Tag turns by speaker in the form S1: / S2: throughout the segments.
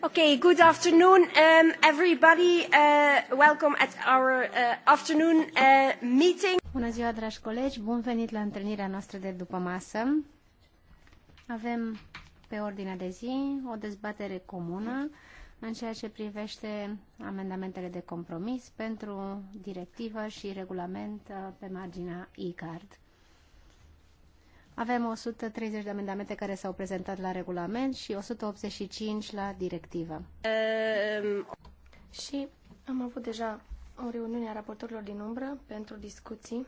S1: Okay, good afternoon, um, everybody. Uh, welcome at our uh, afternoon uh, meeting. Bună ziua, dragi colegi. Bun venit la întâlnirea noastră de după masă. Avem pe ordinea de zi o dezbatere comună în ceea ce privește amendamentele de compromis pentru directivă și regulament uh, pe marginea e-card. Avem 130 de amendamente care s-au prezentat la regulament și 185 la directivă.
S2: Um... Și am avut deja o reuniune a raportorilor din umbră pentru discuții.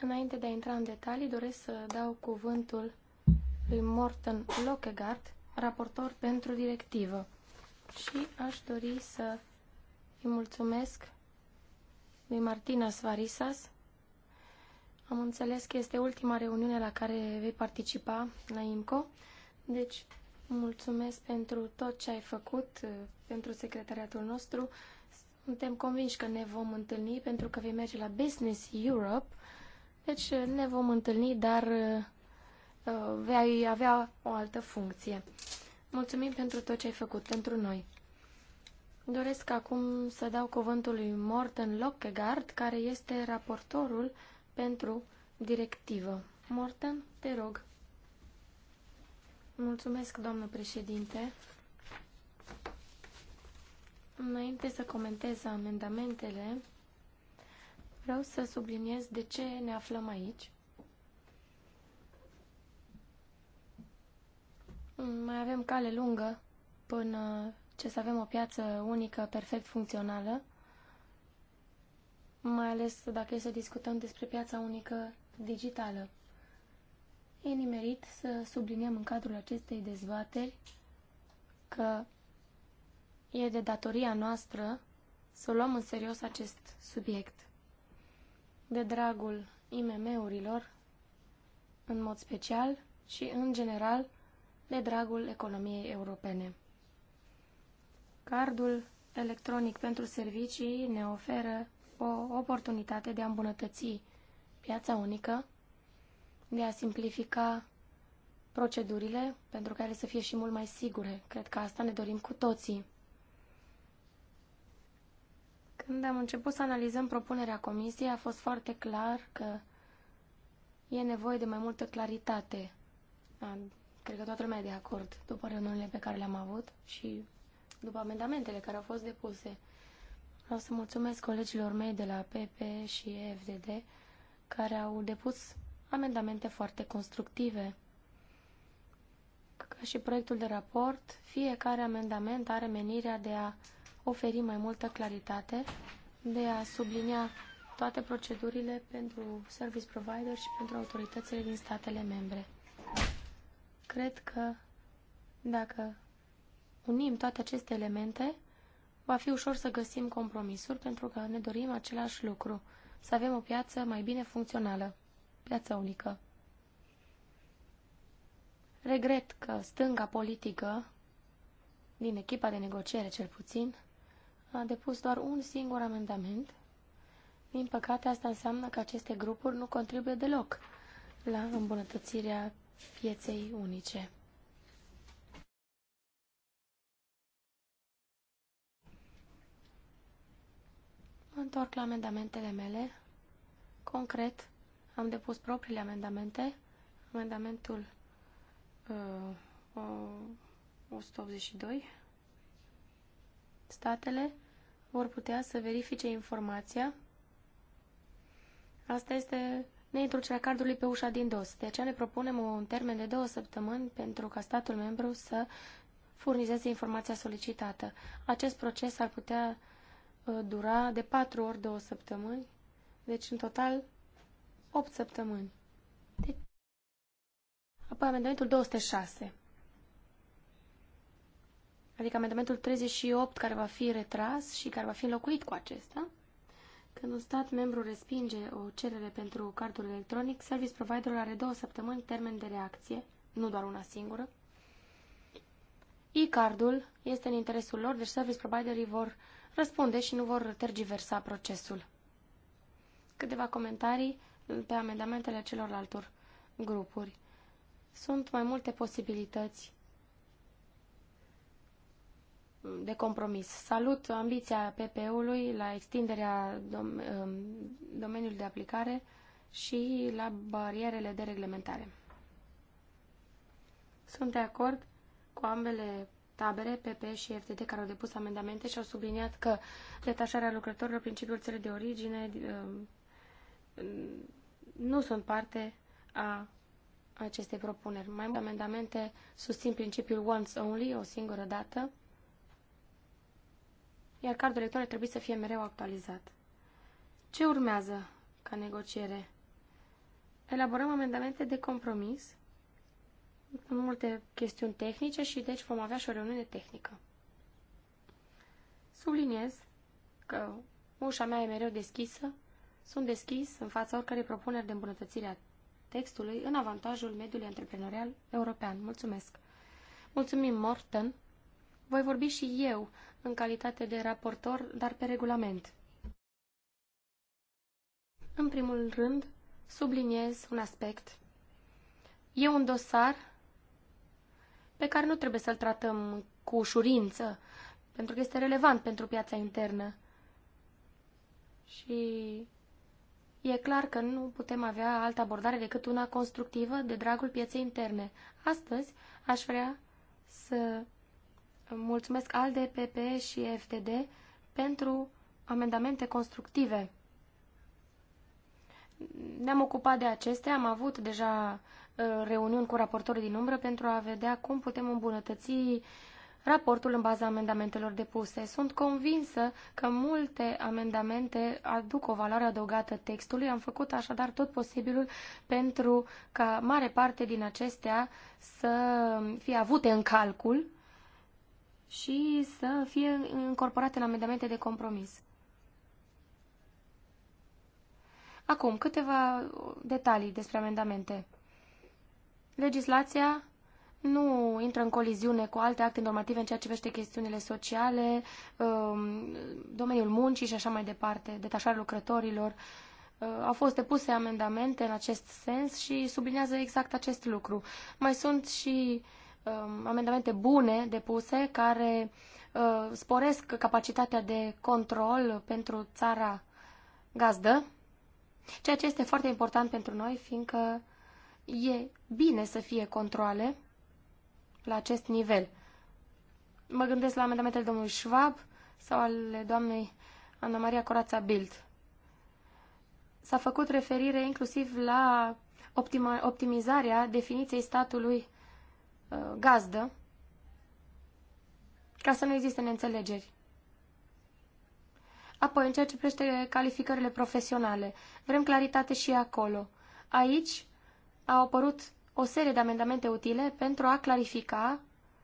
S2: Înainte de a intra în detalii, doresc să dau cuvântul lui Morten Lockegaard, raportor pentru directivă. Și aș dori să îi mulțumesc lui Martina Svarisas am înțeles că este ultima reuniune la care vei participa la IMCO, deci mulțumesc pentru tot ce ai făcut, eh, pentru secretariatul nostru. Suntem convinși că ne vom întâlni pentru că vei merge la Business Europe, deci eh, ne vom întâlni, dar eh, vei avea o altă funcție. Mulțumim pentru tot ce ai făcut pentru noi. Doresc acum să dau cuvântul lui Morten Lockegaard, care este raportorul pentru directivă. Morten, te rog. Mulțumesc, doamnă președinte. Înainte să comentez amendamentele, vreau să subliniez de ce ne aflăm aici. Mai avem cale lungă până ce să avem o piață unică perfect funcțională mai ales dacă e să discutăm despre piața unică digitală. E nimerit să subliniem în cadrul acestei dezbateri că e de datoria noastră să luăm în serios acest subiect. De dragul IMM-urilor, în mod special și în general, de dragul economiei europene. Cardul electronic pentru servicii ne oferă o oportunitate de a îmbunătăți piața unică, de a simplifica procedurile pentru care să fie și mult mai sigure. Cred că asta ne dorim cu toții. Când am început să analizăm propunerea comisiei, a fost foarte clar că e nevoie de mai multă claritate. cred că toată lumea e de acord după reuniunile pe care le-am avut și după amendamentele care au fost depuse. Vreau să mulțumesc colegilor mei de la PP și EFDD care au depus amendamente foarte constructive. Ca și proiectul de raport, fiecare amendament are menirea de a oferi mai multă claritate, de a sublinia toate procedurile pentru service provider și pentru autoritățile din statele membre. Cred că dacă unim toate aceste elemente, va fi ușor să găsim compromisuri pentru că ne dorim același lucru, să avem o piață mai bine funcțională, piață unică. Regret că stânga politică, din echipa de negociere cel puțin, a depus doar un singur amendament. Din păcate, asta înseamnă că aceste grupuri nu contribuie deloc la îmbunătățirea pieței unice. mă întorc la amendamentele mele. Concret, am depus propriile amendamente. Amendamentul uh, 182. Statele vor putea să verifice informația. Asta este neintrucerea cardului pe ușa din dos. De aceea ne propunem un termen de două săptămâni pentru ca statul membru să furnizeze informația solicitată. Acest proces ar putea Uh, dura de patru ori două săptămâni, deci în total 8 săptămâni. Deci... Apoi amendamentul 206, adică amendamentul 38 care va fi retras și care va fi înlocuit cu acesta. Când un stat membru respinge o cerere pentru cardul electronic, service providerul are două săptămâni termen de reacție, nu doar una singură. E-cardul este în interesul lor, deci service providerii vor uh, răspunde și nu vor tergiversa procesul. Câteva comentarii pe amendamentele celorlaltor grupuri. Sunt mai multe posibilități de compromis. Salut ambiția PP-ului la extinderea dom um, domeniului de aplicare și la barierele de reglementare. Sunt de acord cu ambele tabere, PP și FTD, care au depus amendamente și au subliniat că detașarea lucrătorilor, principiul țării de origine, eh, nu sunt parte a acestei propuneri. Mai multe amendamente susțin principiul once only, o singură dată, iar cardul electoral trebuie să fie mereu actualizat. Ce urmează ca negociere? Elaborăm amendamente de compromis multe chestiuni tehnice și deci vom avea și o reuniune tehnică. Subliniez că ușa mea e mereu deschisă, sunt deschis în fața oricărei propuneri de îmbunătățire a textului în avantajul mediului antreprenorial european. Mulțumesc! Mulțumim, Morten! Voi vorbi și eu în calitate de raportor, dar pe regulament. În primul rând, subliniez un aspect. E un dosar pe care nu trebuie să-l tratăm cu ușurință, pentru că este relevant pentru piața internă. Și e clar că nu putem avea altă abordare decât una constructivă de dragul pieței interne. Astăzi aș vrea să mulțumesc ALDE, PPE și FTD pentru amendamente constructive. Ne-am ocupat de acestea, am avut deja Uh, reuniuni cu raportorii din umbră pentru a vedea cum putem îmbunătăți raportul în baza amendamentelor depuse. Sunt convinsă că multe amendamente aduc o valoare adăugată textului. Am făcut așadar tot posibilul pentru ca mare parte din acestea să fie avute în calcul și să fie incorporate în amendamente de compromis. Acum, câteva detalii despre amendamente legislația nu intră în coliziune cu alte acte normative în ceea ce privește chestiunile sociale, um, domeniul muncii și așa mai departe, detașarea lucrătorilor. Uh, au fost depuse amendamente în acest sens și sublinează exact acest lucru. Mai sunt și um, amendamente bune depuse care uh, sporesc capacitatea de control pentru țara gazdă, ceea ce este foarte important pentru noi, fiindcă e bine să fie controle la acest nivel. Mă gândesc la amendamentele domnului Schwab sau ale doamnei Ana Maria Corața Bild. S-a făcut referire inclusiv la optima, optimizarea definiției statului uh, gazdă ca să nu existe neînțelegeri. Apoi, în ceea ce privește calificările profesionale, vrem claritate și acolo. Aici au apărut o serie de amendamente utile pentru a clarifica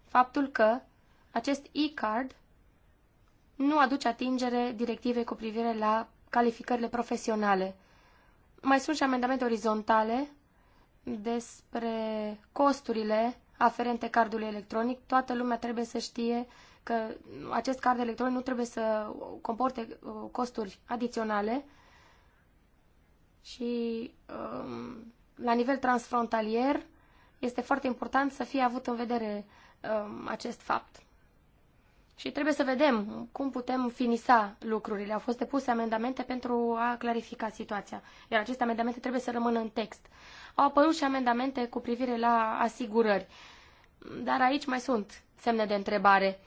S2: faptul că acest e-card nu aduce atingere directivei cu privire la calificările profesionale. Mai sunt și amendamente orizontale despre costurile aferente cardului electronic. Toată lumea trebuie să știe că acest card electronic nu trebuie să comporte uh, costuri adiționale și um, la nivel transfrontalier, este foarte important să fie avut în vedere uh, acest fapt. Și trebuie să vedem cum putem finisa lucrurile. Au fost depuse amendamente pentru a clarifica situația, iar aceste amendamente trebuie să rămână în text. Au apărut și amendamente cu privire la asigurări, dar aici mai sunt semne de întrebare.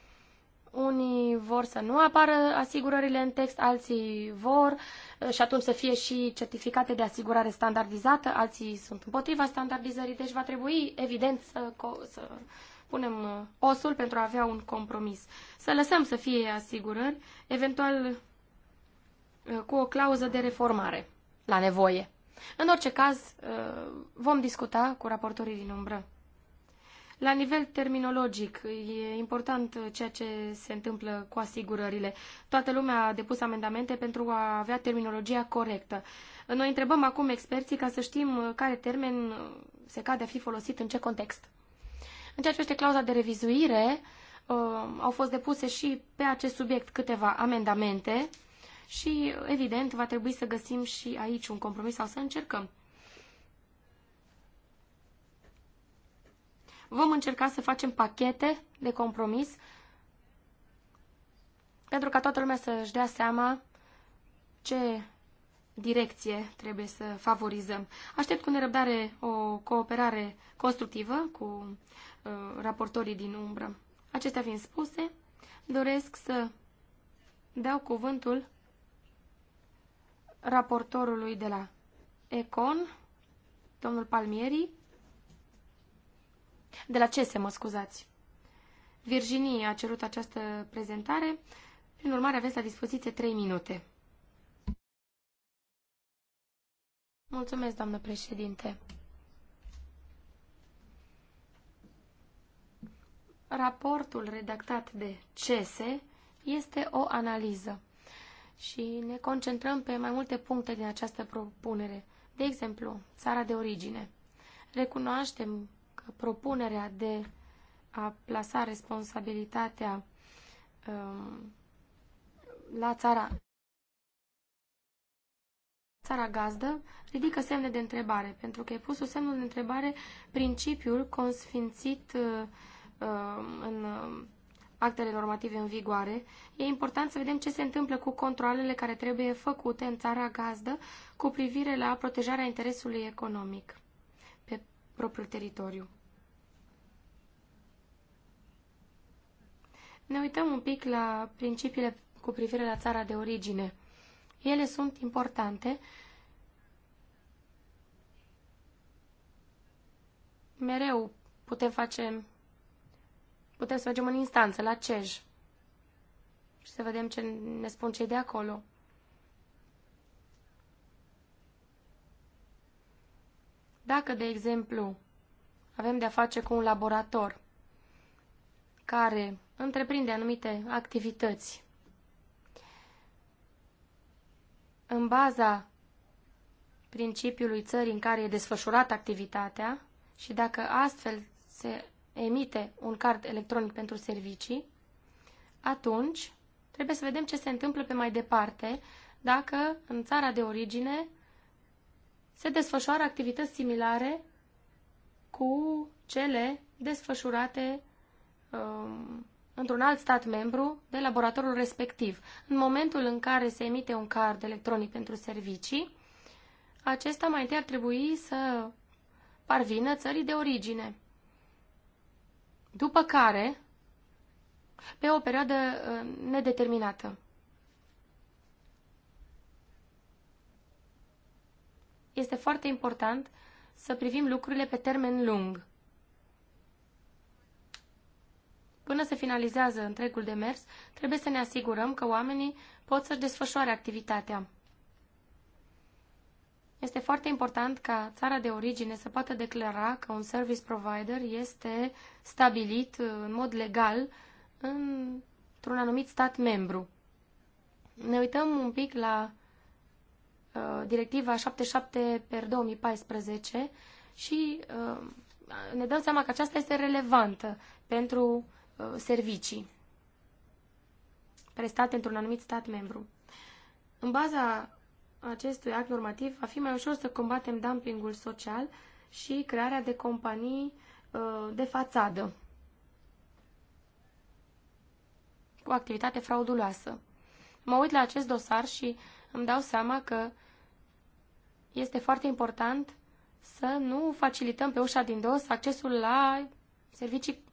S2: Unii vor să nu apară asigurările în text, alții vor uh, și atunci să fie și certificate de asigurare standardizată, alții sunt împotriva standardizării, deci va trebui, evident, să, să punem uh, osul pentru a avea un compromis. Să lăsăm să fie asigurări, eventual uh, cu o clauză de reformare, la nevoie. În orice caz, vom discuta cu raportorii din umbră. La nivel terminologic, e important ceea ce se întâmplă cu asigurările. Toată lumea a depus amendamente pentru a avea terminologia corectă. Noi întrebăm acum experții ca să știm care termen se cade a fi folosit în ce context. În ceea ce este clauza de revizuire, uh, au fost depuse și pe acest subiect câteva amendamente și, evident, va trebui să găsim și aici un compromis sau să încercăm Vom încerca să facem pachete de compromis pentru ca toată lumea să-și dea seama ce direcție trebuie să favorizăm. Aștept cu nerăbdare o cooperare constructivă cu uh, raportorii din umbră. Acestea fiind spuse, doresc să dau cuvântul raportorului de la Econ, domnul Palmieri, de la CESE, mă scuzați. Virginie a cerut această prezentare, prin urmare aveți la dispoziție 3 minute. Mulțumesc, doamnă președinte. Raportul redactat de CESE este o analiză și ne concentrăm pe mai multe puncte din această propunere. De exemplu, țara de origine. Recunoaștem propunerea de a plasa responsabilitatea um, la țara țara gazdă ridică semne de întrebare, pentru că e pus un semnul de întrebare principiul consfințit uh, um, în uh, actele normative în vigoare. E important să vedem ce se întâmplă cu controlele care trebuie făcute în țara gazdă cu privire la protejarea interesului economic pe propriul teritoriu. ne uităm un pic la principiile cu privire la țara de origine. Ele sunt importante. Mereu putem face, putem să mergem în instanță, la CEJ și să vedem ce ne spun cei de acolo. Dacă, de exemplu, avem de-a face cu un laborator care întreprinde anumite activități în baza principiului țării în care e desfășurată activitatea și dacă astfel se emite un card electronic pentru servicii, atunci trebuie să vedem ce se întâmplă pe mai departe dacă în țara de origine se desfășoară activități similare cu cele desfășurate um, într-un alt stat membru de laboratorul respectiv. În momentul în care se emite un card electronic pentru servicii, acesta mai întâi ar trebui să parvină țării de origine. După care, pe o perioadă ă, nedeterminată. Este foarte important să privim lucrurile pe termen lung. Până se finalizează întregul demers, trebuie să ne asigurăm că oamenii pot să-și desfășoare activitatea. Este foarte important ca țara de origine să poată declara că un service provider este stabilit uh, în mod legal într-un anumit stat membru. Ne uităm un pic la uh, directiva 77 per 2014 și uh, ne dăm seama că aceasta este relevantă pentru Uh, servicii prestate într-un anumit stat membru. În baza acestui act normativ, va fi mai ușor să combatem dumpingul social și crearea de companii uh, de fațadă cu activitate frauduloasă. Mă uit la acest dosar și îmi dau seama că este foarte important să nu facilităm pe ușa din dos accesul la servicii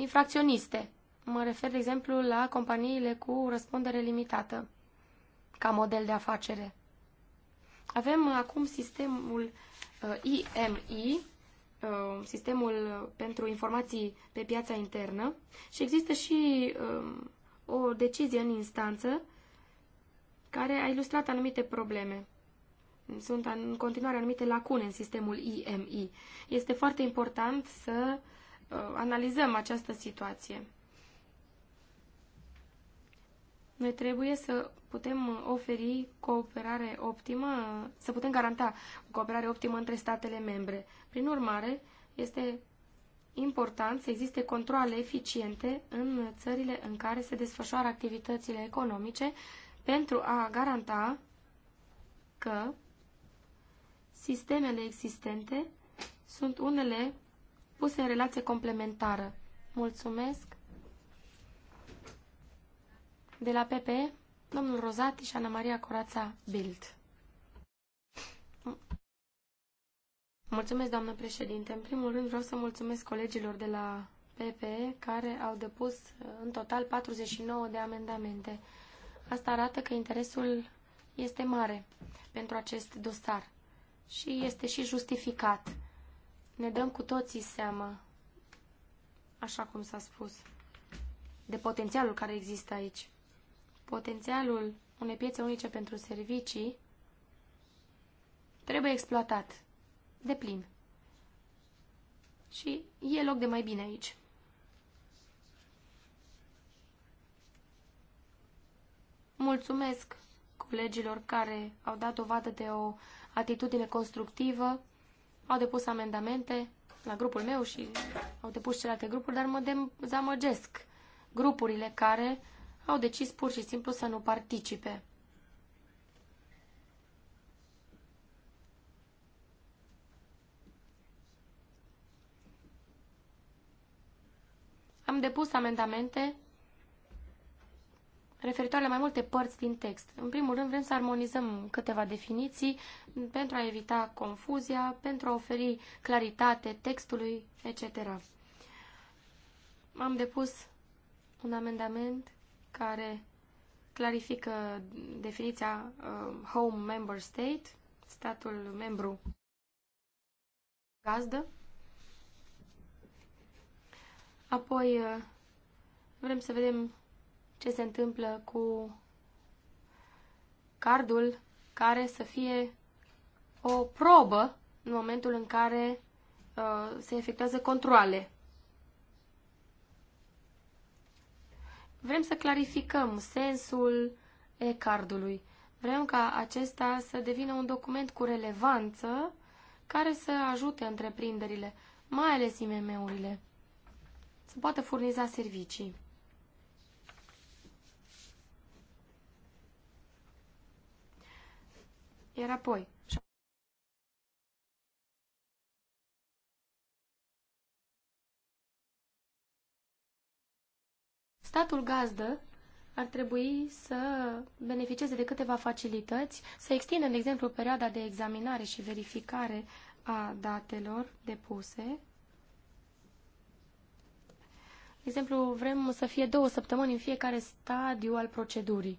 S2: infracționiste. Mă refer, de exemplu, la companiile cu răspundere limitată ca model de afacere. Avem acum sistemul IMI, uh, uh, sistemul pentru informații pe piața internă și există și um, o decizie în instanță care a ilustrat anumite probleme. Sunt în continuare anumite lacune în sistemul IMI. Este foarte important să uh, Uh, analizăm această situație. Noi trebuie să putem oferi cooperare optimă, să putem garanta cooperare optimă între statele membre. Prin urmare, este important să existe controle eficiente în țările în care se desfășoară activitățile economice pentru a garanta că sistemele existente sunt unele puse în relație complementară. Mulțumesc! De la PP, domnul Rozati și Ana Maria Corața Bild. Mulțumesc, doamnă președinte. În primul rând vreau să mulțumesc colegilor de la PPE care au depus uh, în total 49 de amendamente. Asta arată că interesul este mare pentru acest dosar și este și justificat ne dăm cu toții seama, așa cum s-a spus, de potențialul care există aici. Potențialul unei piețe unice pentru servicii trebuie exploatat de plin. Și e loc de mai bine aici. Mulțumesc colegilor care au dat dovadă de o atitudine constructivă au depus amendamente la grupul meu și au depus celelalte grupuri, dar mă dezamăgesc grupurile care au decis pur și simplu să nu participe. Am depus amendamente referitoare la mai multe părți din text. În primul rând, vrem să armonizăm câteva definiții pentru a evita confuzia, pentru a oferi claritate textului, etc. Am depus un amendament care clarifică definiția uh, home member state, statul membru gazdă. Apoi uh, vrem să vedem ce se întâmplă cu cardul care să fie o probă în momentul în care uh, se efectuează controle. Vrem să clarificăm sensul e-cardului. Vrem ca acesta să devină un document cu relevanță care să ajute întreprinderile, mai ales IMM-urile, să poată furniza servicii. Iar apoi, statul gazdă ar trebui să beneficieze de câteva facilități, să extindă, de exemplu, perioada de examinare și verificare a datelor depuse. De exemplu, vrem să fie două săptămâni în fiecare stadiu al procedurii.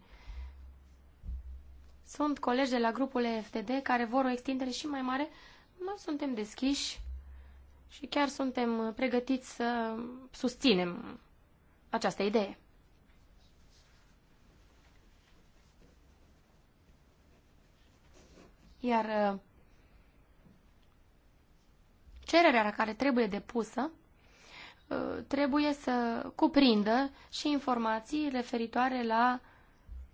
S2: Sunt colegi de la grupul EFTD care vor o extindere și mai mare. Noi suntem deschiși și chiar suntem pregătiți să susținem această idee. Iar uh, cererea la care trebuie depusă uh, trebuie să cuprindă și informații referitoare la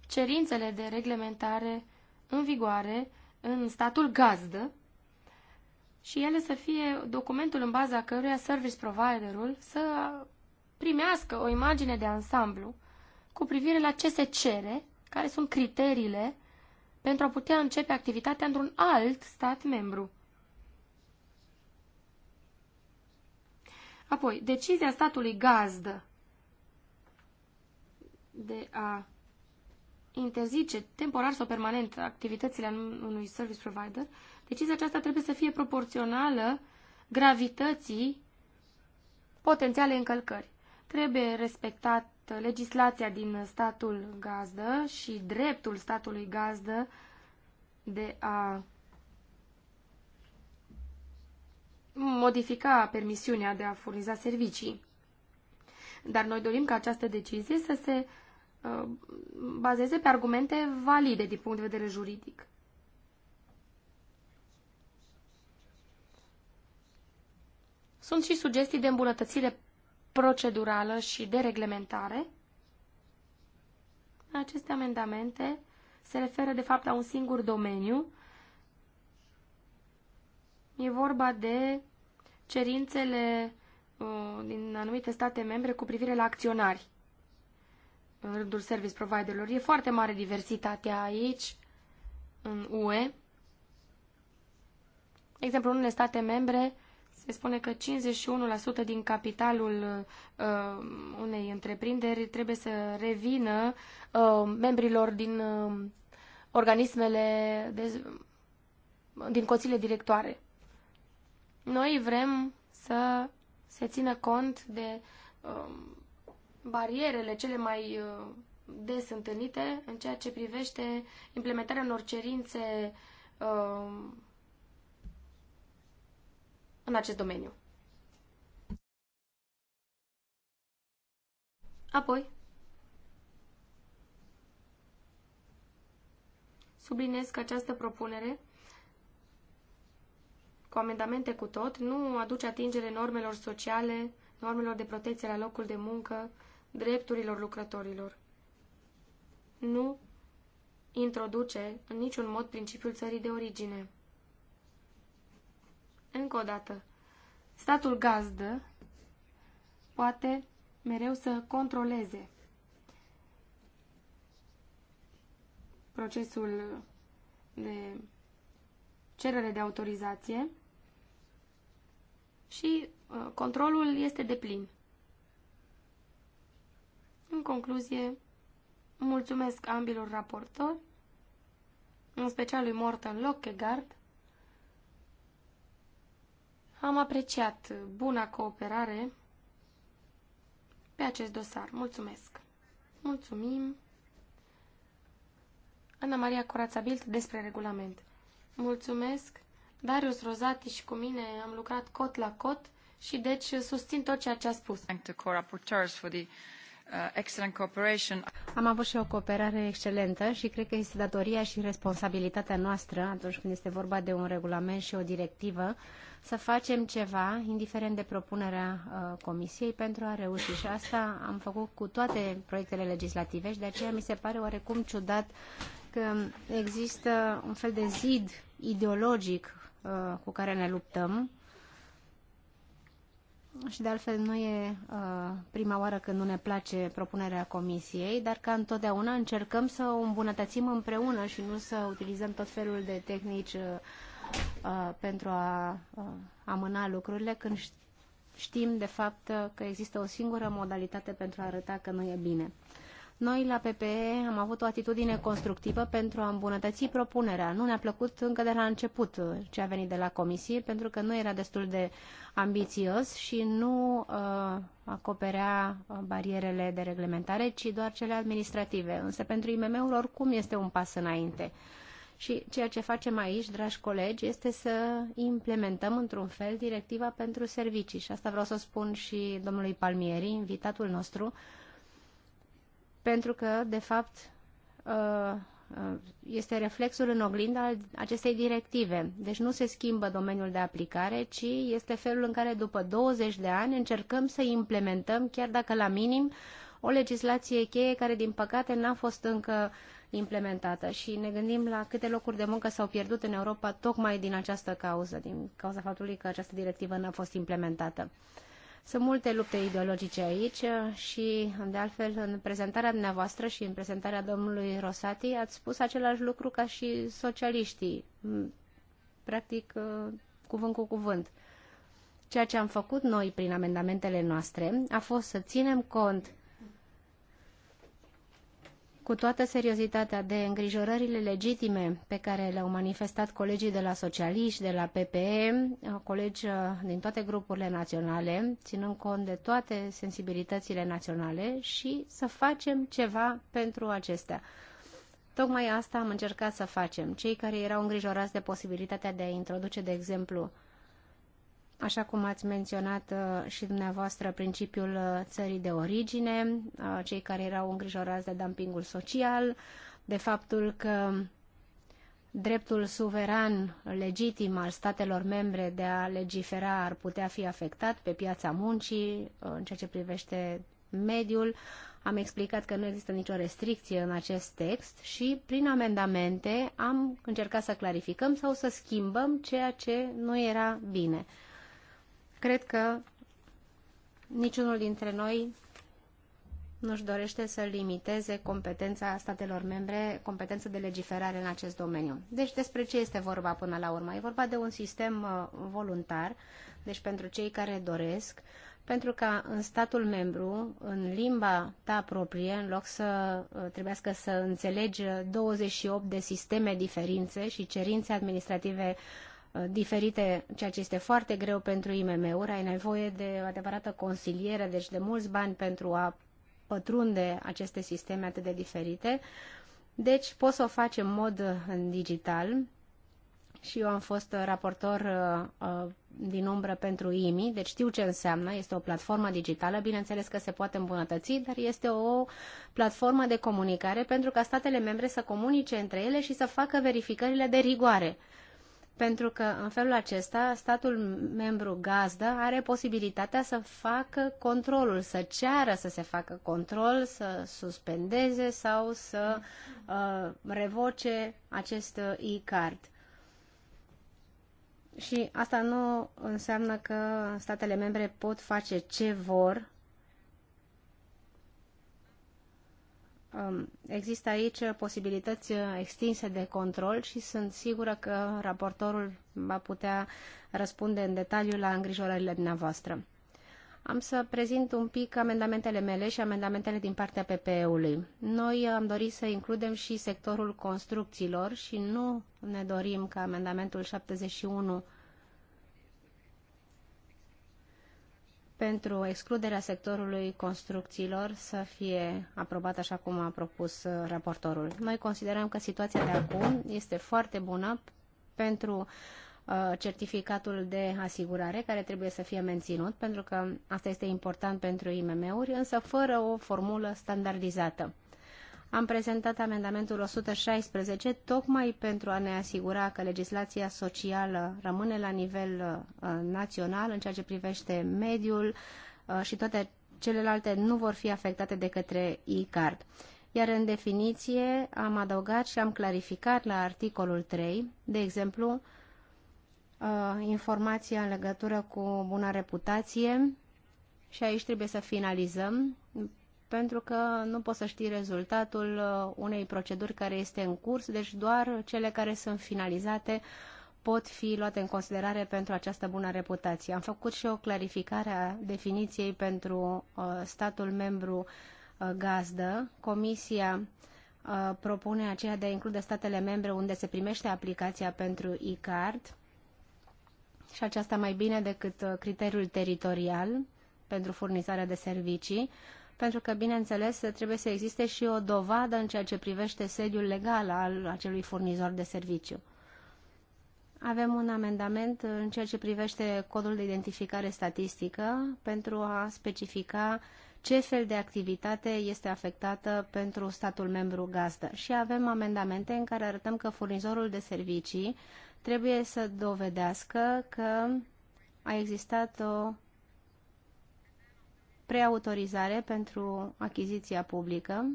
S2: cerințele de reglementare în vigoare în statul gazdă și ele să fie documentul în baza căruia service providerul să primească o imagine de ansamblu cu privire la ce se cere, care sunt criteriile pentru a putea începe activitatea într-un alt stat membru. Apoi, decizia statului gazdă de a interzice temporar sau permanent activitățile unui service provider, decizia aceasta trebuie să fie proporțională gravității potențiale încălcări. Trebuie respectat legislația din statul gazdă și dreptul statului gazdă de a modifica permisiunea de a furniza servicii. Dar noi dorim ca această decizie să se bazeze pe argumente valide din punct de vedere juridic. Sunt și sugestii de îmbunătățire procedurală și de reglementare. Aceste amendamente se referă de fapt la un singur domeniu. E vorba de cerințele uh, din anumite state membre cu privire la acționari în rândul service providerilor. E foarte mare diversitatea aici, în UE. exemplu, în unele state membre se spune că 51% din capitalul uh, unei întreprinderi trebuie să revină uh, membrilor din uh, organismele, de, din coțile directoare. Noi vrem să se țină cont de uh, barierele cele mai uh, des întâlnite în ceea ce privește implementarea unor cerințe uh, în acest domeniu. Apoi, subliniez că această propunere cu amendamente cu tot, nu aduce atingere normelor sociale, normelor de protecție la locul de muncă drepturilor lucrătorilor. Nu introduce în niciun mod principiul țării de origine. Încă o dată, statul gazdă poate mereu să controleze procesul de cerere de autorizație și uh, controlul este de plin. În concluzie, mulțumesc ambilor raportori, în special lui Morten Lockegard. Am apreciat buna cooperare pe acest dosar. Mulțumesc! Mulțumim! Ana Maria Corațabilt despre regulament. Mulțumesc! Darius Rozati și cu mine am lucrat cot la cot și deci susțin tot ceea ce a spus. Thank the co-rapporteurs for the Uh, am avut și o
S1: cooperare excelentă și cred că este datoria și responsabilitatea noastră atunci când este vorba de un regulament și o directivă să facem ceva, indiferent de propunerea uh, Comisiei, pentru a reuși. Și asta am făcut cu toate proiectele legislative și de aceea mi se pare oarecum ciudat că există un fel de zid ideologic uh, cu care ne luptăm și de altfel nu e uh, prima oară când nu ne place propunerea comisiei, dar ca întotdeauna încercăm să o îmbunătățim împreună și nu să utilizăm tot felul de tehnici uh, uh pentru a uh, amâna lucrurile când știm de fapt că există o singură modalitate pentru a arăta că nu e bine. Noi la PPE am avut o atitudine constructivă pentru a îmbunătăți propunerea. Nu ne-a plăcut încă de la început uh, ce a venit de la comisie, pentru că nu era destul de ambițios și nu uh, acoperea uh, barierele de reglementare, ci doar cele administrative. Însă pentru IMM-uri oricum este un pas înainte. Și ceea ce facem aici, dragi colegi, este să implementăm într-un fel directiva pentru servicii. Și asta vreau să spun și domnului Palmieri, invitatul nostru, pentru că, de fapt, uh, uh, este reflexul în oglindă al acestei directive. Deci nu se schimbă domeniul de aplicare, ci este felul în care după 20 de ani încercăm să implementăm, chiar dacă la minim, o legislație cheie care, din păcate, n-a fost încă implementată. Și ne gândim la câte locuri de muncă s-au pierdut în Europa tocmai din această cauză, din cauza faptului că această directivă n-a fost implementată. Sunt multe lupte ideologice aici și, de altfel, în prezentarea dumneavoastră și în prezentarea domnului Rosati ați spus același lucru ca și socialiștii, mm, practic uh, cuvânt cu cuvânt. Ceea ce am făcut noi prin amendamentele noastre a fost să ținem cont cu toată seriozitatea de îngrijorările legitime pe care le-au manifestat colegii de la socialiști, de la PPE, colegi uh, din toate grupurile naționale, ținând cont de toate sensibilitățile naționale și să facem ceva pentru acestea. Tocmai asta am încercat să facem. Cei care erau îngrijorați de posibilitatea de a introduce, de exemplu, Așa cum ați menționat uh, și dumneavoastră principiul uh, țării de origine, uh, cei care erau îngrijorați de dumpingul social, de faptul că dreptul suveran legitim al statelor membre de a legifera ar putea fi afectat pe piața muncii în ceea ce privește mediul. Am explicat că nu există nicio restricție în acest text și prin amendamente am încercat să clarificăm sau să schimbăm ceea ce nu era bine. Cred că niciunul dintre noi nu-și dorește să limiteze competența statelor membre, competența de legiferare în acest domeniu. Deci despre ce este vorba până la urmă? E vorba de un sistem uh, voluntar, deci pentru cei care doresc, pentru ca în statul membru, în limba ta proprie, în loc să uh, trebuiască să înțelegi 28 de sisteme diferințe și cerințe administrative uh, Uh, diferite, ceea ce este foarte greu pentru IMM-uri. Ai nevoie de o adevărată consiliere, deci de mulți bani pentru a pătrunde aceste sisteme atât de diferite. Deci poți să o faci în mod uh, în digital și eu am fost uh, raportor uh, din umbră pentru IMI, deci știu ce înseamnă, este o platformă digitală, bineînțeles că se poate îmbunătăți, dar este o platformă de comunicare pentru ca statele membre să comunice între ele și să facă verificările de rigoare pentru că în felul acesta statul membru gazdă are posibilitatea să facă controlul, să ceară să se facă control, să suspendeze sau să uh, revoce acest uh, e-card. Și asta nu înseamnă că statele membre pot face ce vor Um, există aici posibilități uh, extinse de control și sunt sigură că raportorul va putea răspunde în detaliu la îngrijorările dumneavoastră. Am să prezint un pic amendamentele mele și amendamentele din partea PPE-ului. Noi am dorit să includem și sectorul construcțiilor și nu ne dorim ca amendamentul 71 pentru excluderea sectorului construcțiilor să fie aprobat așa cum a propus uh, raportorul. Noi considerăm că situația de acum este foarte bună pentru uh, certificatul de asigurare care trebuie să fie menținut pentru că asta este important pentru IMM-uri, însă fără o formulă standardizată am prezentat amendamentul 116 tocmai pentru a ne asigura că legislația socială rămâne la nivel uh, național în ceea ce privește mediul uh, și toate celelalte nu vor fi afectate de către e-card. Iar în definiție am adăugat și am clarificat la articolul 3, de exemplu, uh, informația în legătură cu buna reputație și aici trebuie să finalizăm pentru că nu poți să știi rezultatul uh, unei proceduri care este în curs, deci doar cele care sunt finalizate pot fi luate în considerare pentru această bună reputație. Am făcut și o clarificare a definiției pentru uh, statul membru uh, gazdă. Comisia propune aceea de a include statele membre unde se primește aplicația pentru e-card și aceasta mai bine decât criteriul teritorial pentru furnizarea de servicii. Uh, pentru că, bineînțeles, trebuie să existe și o dovadă în ceea ce privește sediul legal al acelui furnizor de serviciu. Avem un amendament în ceea ce privește codul de identificare statistică pentru a specifica ce fel de activitate este afectată pentru statul membru gazdă. Și avem amendamente în care arătăm că furnizorul de servicii trebuie să dovedească că a existat o preautorizare pentru achiziția publică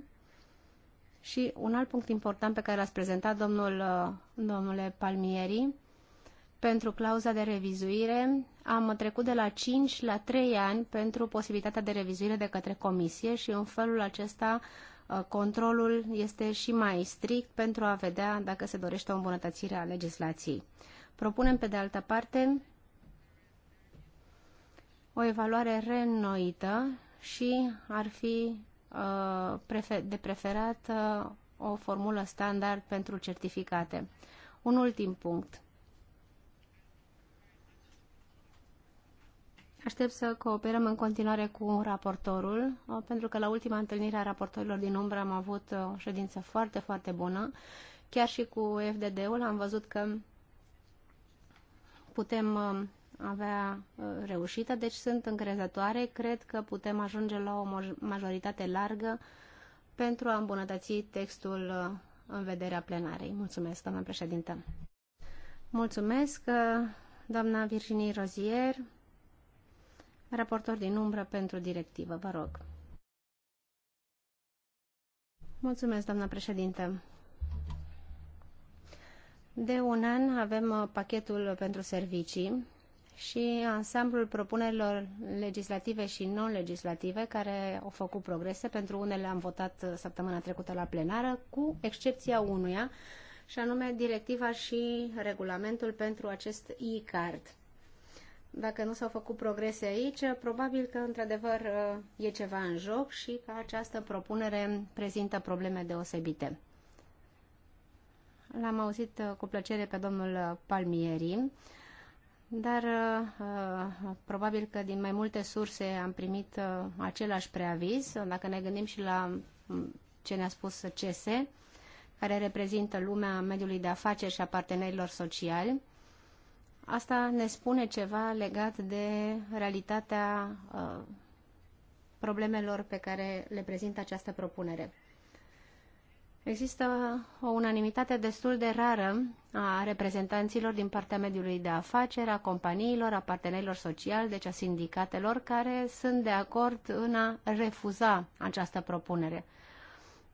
S1: și un alt punct important pe care l-ați prezentat, domnul, uh, domnule Palmieri, pentru clauza de revizuire, am trecut de la 5 la 3 ani pentru posibilitatea de revizuire de către comisie și în felul acesta uh, controlul este și mai strict pentru a vedea dacă se dorește o îmbunătățire a legislației. Propunem, pe de altă parte, o evaluare reînnoită și ar fi uh, de preferat uh, o formulă standard pentru certificate. Un ultim punct. Aștept să cooperăm în continuare cu raportorul, uh, pentru că la ultima întâlnire a raportorilor din umbră am avut o ședință foarte, foarte bună. Chiar și cu FDD-ul am văzut că putem avea uh, reușită, deci sunt încrezătoare. Cred că putem ajunge la o majoritate largă pentru a îmbunătăți textul uh, în vederea plenarei. Mulțumesc, doamna președintă. Mulțumesc, uh, doamna Virginie Rozier, raportor din umbră pentru directivă. Vă rog. Mulțumesc, doamna președintă. De un an avem pachetul pentru servicii și ansamblul propunerilor legislative și non-legislative care au făcut progrese. Pentru unele am votat săptămâna trecută la plenară, cu excepția unuia, și anume directiva și regulamentul pentru acest e-card. Dacă nu s-au făcut progrese aici, probabil că într-adevăr e ceva în joc și că această propunere prezintă probleme deosebite. L-am auzit cu plăcere pe domnul Palmieri dar uh, uh, probabil că din mai multe surse am primit uh, același preaviz. Dacă ne gândim și la mm, ce ne-a spus CS, care reprezintă lumea mediului de afaceri și a partenerilor sociali, asta ne spune ceva legat de realitatea uh, problemelor pe care le prezintă această propunere. Există o unanimitate destul de rară a reprezentanților din partea mediului de afaceri, a companiilor, a partenerilor sociali, deci a sindicatelor, care sunt de acord în a refuza această propunere.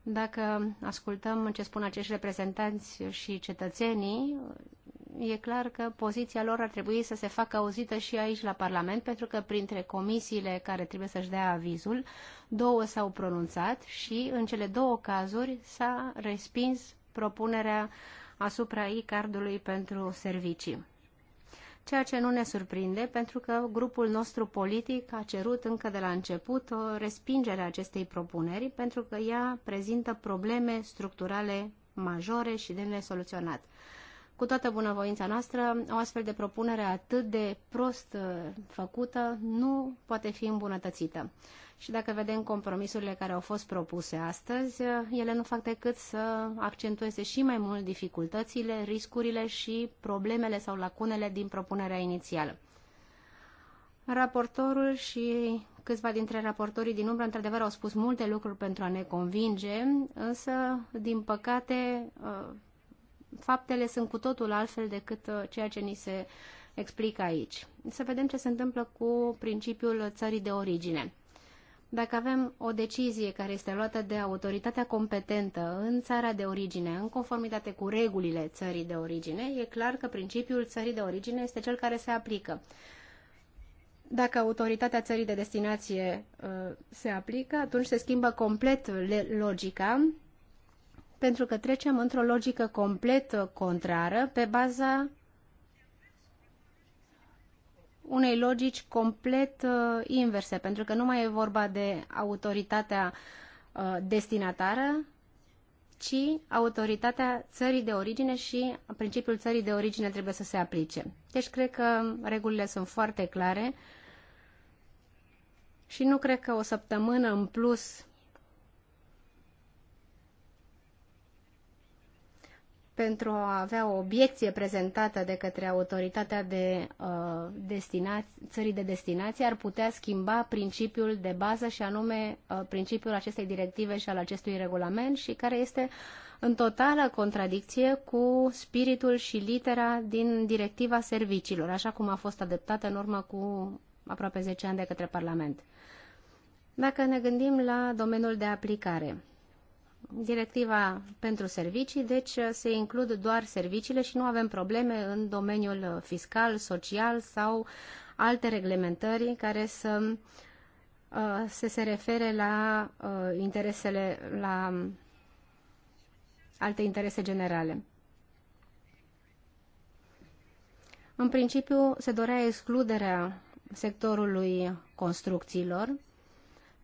S1: Dacă ascultăm ce spun acești reprezentanți și cetățenii, e clar că poziția lor ar trebui să se facă auzită și aici la Parlament, pentru că printre comisiile care trebuie să-și dea avizul, două s-au pronunțat și în cele două cazuri s-a respins propunerea asupra e-cardului pentru servicii. Ceea ce nu ne surprinde, pentru că grupul nostru politic a cerut încă de la început o respingere a acestei propuneri, pentru că ea prezintă probleme structurale majore și de nesoluționat. soluționat. Cu toată bunăvoința noastră, o astfel de propunere atât de prost uh, făcută nu poate fi îmbunătățită. Și dacă vedem compromisurile care au fost propuse astăzi, uh, ele nu fac decât să accentueze și mai mult dificultățile, riscurile și problemele sau lacunele din propunerea inițială. Raportorul și câțiva dintre raportorii din umbră, într-adevăr, au spus multe lucruri pentru a ne convinge, însă, din păcate, uh, faptele sunt cu totul altfel decât uh, ceea ce ni se explică aici. Să vedem ce se întâmplă cu principiul țării de origine. Dacă avem o decizie care este luată de autoritatea competentă în țara de origine, în conformitate cu regulile țării de origine, e clar că principiul țării de origine este cel care se aplică. Dacă autoritatea țării de destinație uh, se aplică, atunci se schimbă complet logica pentru că trecem într-o logică complet uh, contrară pe baza unei logici complet uh, inverse, pentru că nu mai e vorba de autoritatea uh, destinatară, ci autoritatea țării de origine și principiul țării de origine trebuie să se aplice. Deci cred că regulile sunt foarte clare și nu cred că o săptămână în plus pentru a avea o obiecție prezentată de către autoritatea de, uh, destina- țării de destinație ar putea schimba principiul de bază și anume uh, principiul acestei directive și al acestui regulament și care este în totală contradicție cu spiritul și litera din directiva serviciilor, așa cum a fost adoptată în urmă cu aproape 10 ani de către Parlament. Dacă ne gândim la domeniul de aplicare, directiva pentru servicii, deci uh, se includ doar serviciile și nu avem probleme în domeniul fiscal, social sau alte reglementări care să uh, se, se refere la uh, interesele, la um, alte interese generale. În principiu, se dorea excluderea sectorului construcțiilor,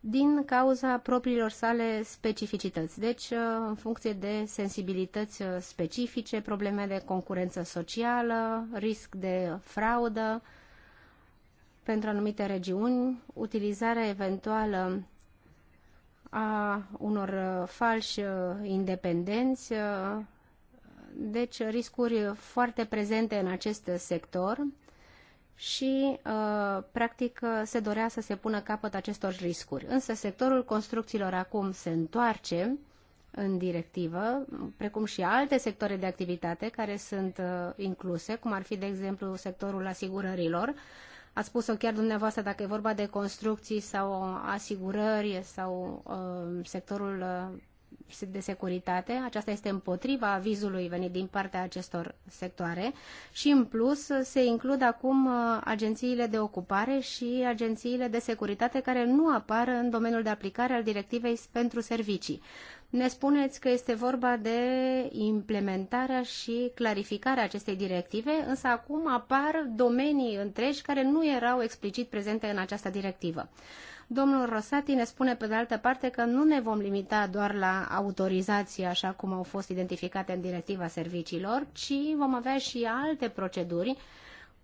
S1: din cauza propriilor sale specificități, deci uh, în funcție de sensibilități uh, specifice, probleme de concurență socială, risc de fraudă pentru anumite regiuni, utilizarea eventuală a unor uh, falși independenți, deci riscuri foarte prezente în acest sector și, uh, practic, uh, se dorea să se pună capăt acestor riscuri. Însă sectorul construcțiilor acum se întoarce în directivă, precum și alte sectoare de activitate care sunt uh, incluse, cum ar fi, de exemplu, sectorul asigurărilor. Ați spus-o chiar dumneavoastră dacă e vorba de construcții sau asigurări sau sectorul de securitate. Aceasta este împotriva avizului venit din partea acestor sectoare și, în plus, se includ acum uh, agențiile de ocupare și agențiile de securitate care nu apar în domeniul de aplicare al directivei pentru servicii. Ne spuneți că este vorba de implementarea și clarificarea acestei directive, însă acum apar domenii întregi care nu erau explicit prezente în această directivă. Domnul Rosati ne spune pe de altă parte că nu ne vom limita doar la autorizații așa cum au fost identificate în directiva serviciilor, ci vom avea și alte proceduri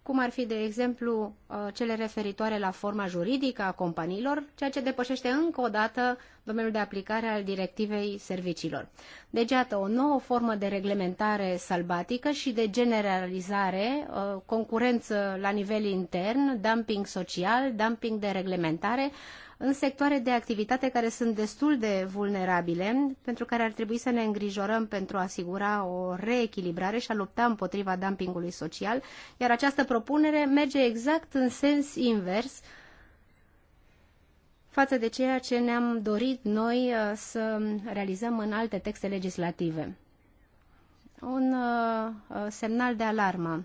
S1: cum ar fi, de exemplu, uh, cele referitoare la forma juridică a companiilor, ceea ce depășește încă o dată domeniul de aplicare al directivei serviciilor. Deci, iată, o nouă formă de reglementare salbatică și de generalizare, uh, concurență la nivel intern, dumping social, dumping de reglementare, în sectoare de activitate care sunt destul de vulnerabile, pentru care ar trebui să ne îngrijorăm pentru a asigura o reechilibrare și a lupta împotriva dumpingului social, iar această propunere merge exact în sens invers față de ceea ce ne-am dorit noi uh, să realizăm în alte texte legislative. Un uh, uh, semnal de alarmă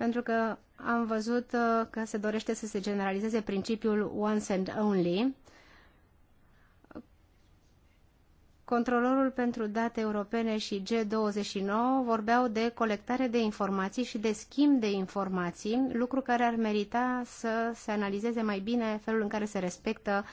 S1: pentru că am văzut uh, că se dorește să se generalizeze principiul once and only. Controlorul pentru date europene și G29 vorbeau de colectare de informații și de schimb de informații, lucru care ar merita să se analizeze mai bine felul în care se respectă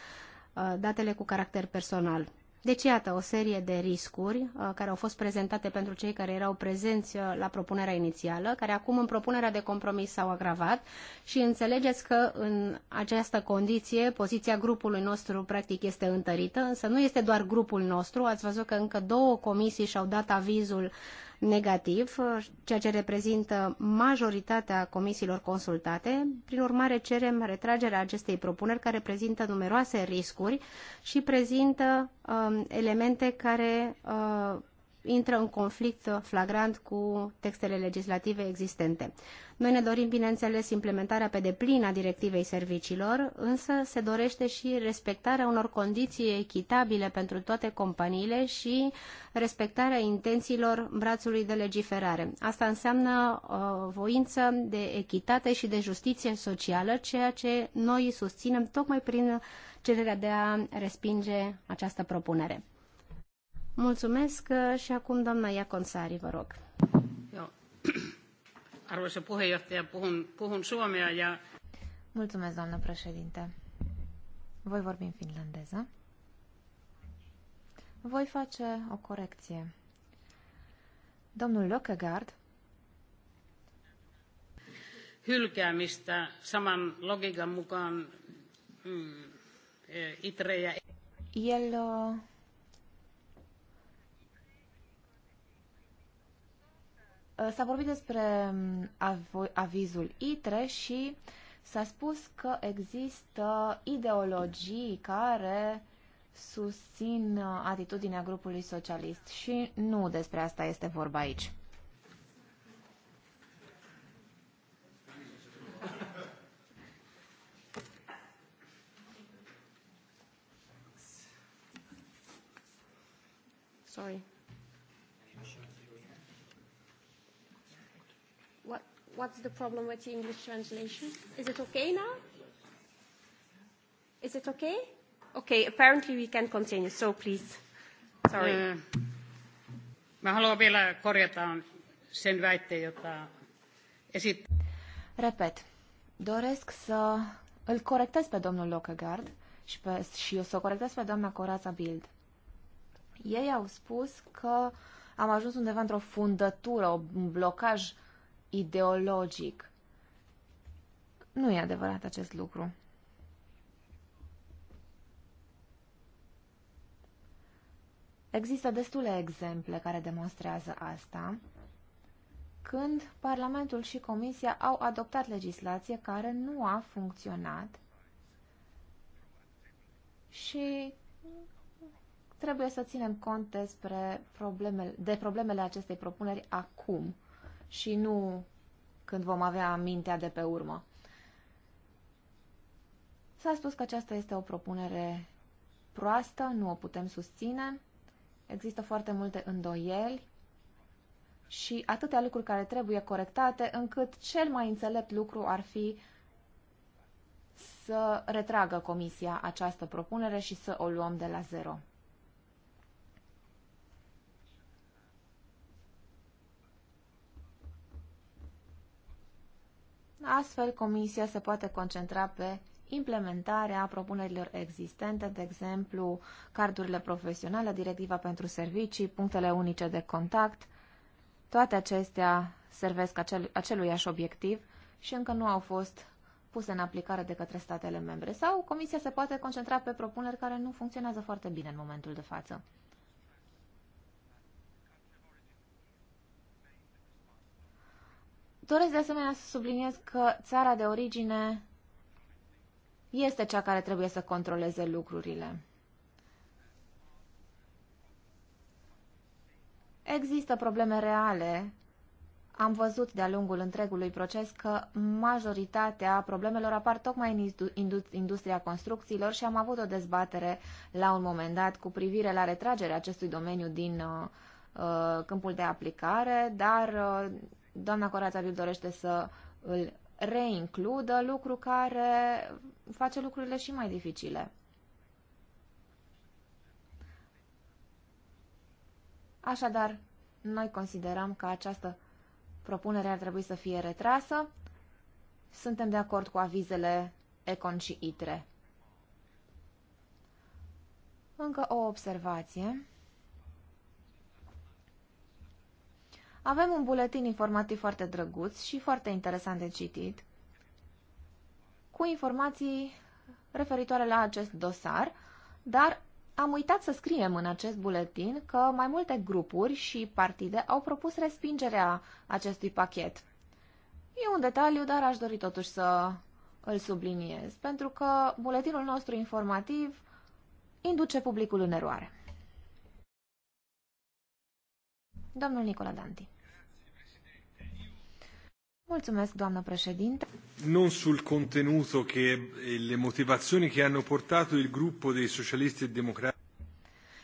S1: uh, datele cu caracter personal. Deci, iată, o serie de riscuri uh, care au fost prezentate pentru cei care erau prezenți uh, la propunerea inițială, care acum în propunerea de compromis s-au agravat și înțelegeți că în această condiție poziția grupului nostru practic este întărită, însă nu este doar grupul nostru, ați văzut că încă două comisii și-au dat avizul negativ, ceea ce reprezintă majoritatea comisiilor consultate. Prin urmare, cerem retragerea acestei propuneri care prezintă numeroase riscuri și prezintă uh, elemente care uh, intră în conflict flagrant cu textele legislative existente. Noi ne dorim, bineînțeles, implementarea pe deplin a directivei serviciilor, însă se dorește și respectarea unor condiții echitabile pentru toate companiile și respectarea intențiilor brațului de legiferare. Asta înseamnă uh, voință de echitate și de justiție socială, ceea ce noi susținem tocmai prin cererea de a respinge această propunere. Mulțumesc uh, și acum doamna Iaconsari, vă rog.
S2: Arvoisa puheenjohtaja, puhun, puhun suomea ja...
S1: Mulțumesc, doamnă președinte.
S3: Voi vorbi în finlandeză. Voi face o corecție. Domnul Lökegaard
S1: hylkäämistä saman logiikan mukaan mm, itre ja...
S3: El uh, Uh, s-a vorbit despre um, avizul ITRE și s-a spus că există ideologii care susțin uh, atitudinea grupului socialist și nu despre asta este vorba aici.
S2: Sorry. what's the problem with the English translation? Is it okay now? Is it
S1: okay? Okay, apparently we can continue, so please. Sorry. Mm. Mä haluan vielä korjata sen väitteen, jota esit...
S3: Repet, doresc să îl corectez pe domnul Lockegaard și, pe, și o să o corectez pe doamna Corața Bild. Ei au spus că am ajuns undeva într-o fundătură, un blocaj ideologic. Nu e adevărat acest lucru. Există destule exemple care demonstrează asta, când Parlamentul și Comisia au adoptat legislație care nu a funcționat și trebuie să ținem cont despre problemele, de problemele acestei propuneri acum și nu când vom avea mintea de pe urmă. S-a spus că aceasta este o propunere proastă, nu o putem susține, există foarte multe îndoieli și atâtea lucruri care trebuie corectate, încât cel mai înțelept lucru ar fi să retragă comisia această propunere și să o luăm de la zero. Astfel, Comisia se poate concentra pe implementarea propunerilor existente, de exemplu, cardurile profesionale, directiva pentru servicii, punctele unice de contact. Toate acestea servesc acel, aceluiași obiectiv și încă nu au fost puse în aplicare de către statele membre. Sau Comisia se poate concentra pe propuneri care nu funcționează foarte bine în momentul de față. Doresc de asemenea să subliniez că țara de origine este cea care trebuie să controleze lucrurile. Există probleme reale. Am văzut de-a lungul întregului proces că majoritatea problemelor apar tocmai în industria construcțiilor și am avut o dezbatere la un moment dat cu privire la retragerea acestui domeniu din uh, uh câmpul de aplicare, dar uh, doamna Corața Bill dorește să îl reincludă, lucru care face lucrurile și mai dificile. Așadar, noi considerăm că această propunere ar trebui să fie retrasă. Suntem de acord cu avizele Econ și ITRE. Încă o observație. Avem un buletin informativ foarte drăguț și foarte interesant de citit, cu informații referitoare la acest dosar, dar am uitat să scriem în acest buletin că mai multe grupuri și partide au propus respingerea acestui pachet. E un detaliu, dar aș dori totuși să îl subliniez, pentru că buletinul nostru informativ induce publicul în eroare. Domnul Nicola Danti. Mulțumesc, doamnă președinte.
S1: Non sul contenuto che le motivazioni che hanno portato
S2: il gruppo dei socialisti e democratici.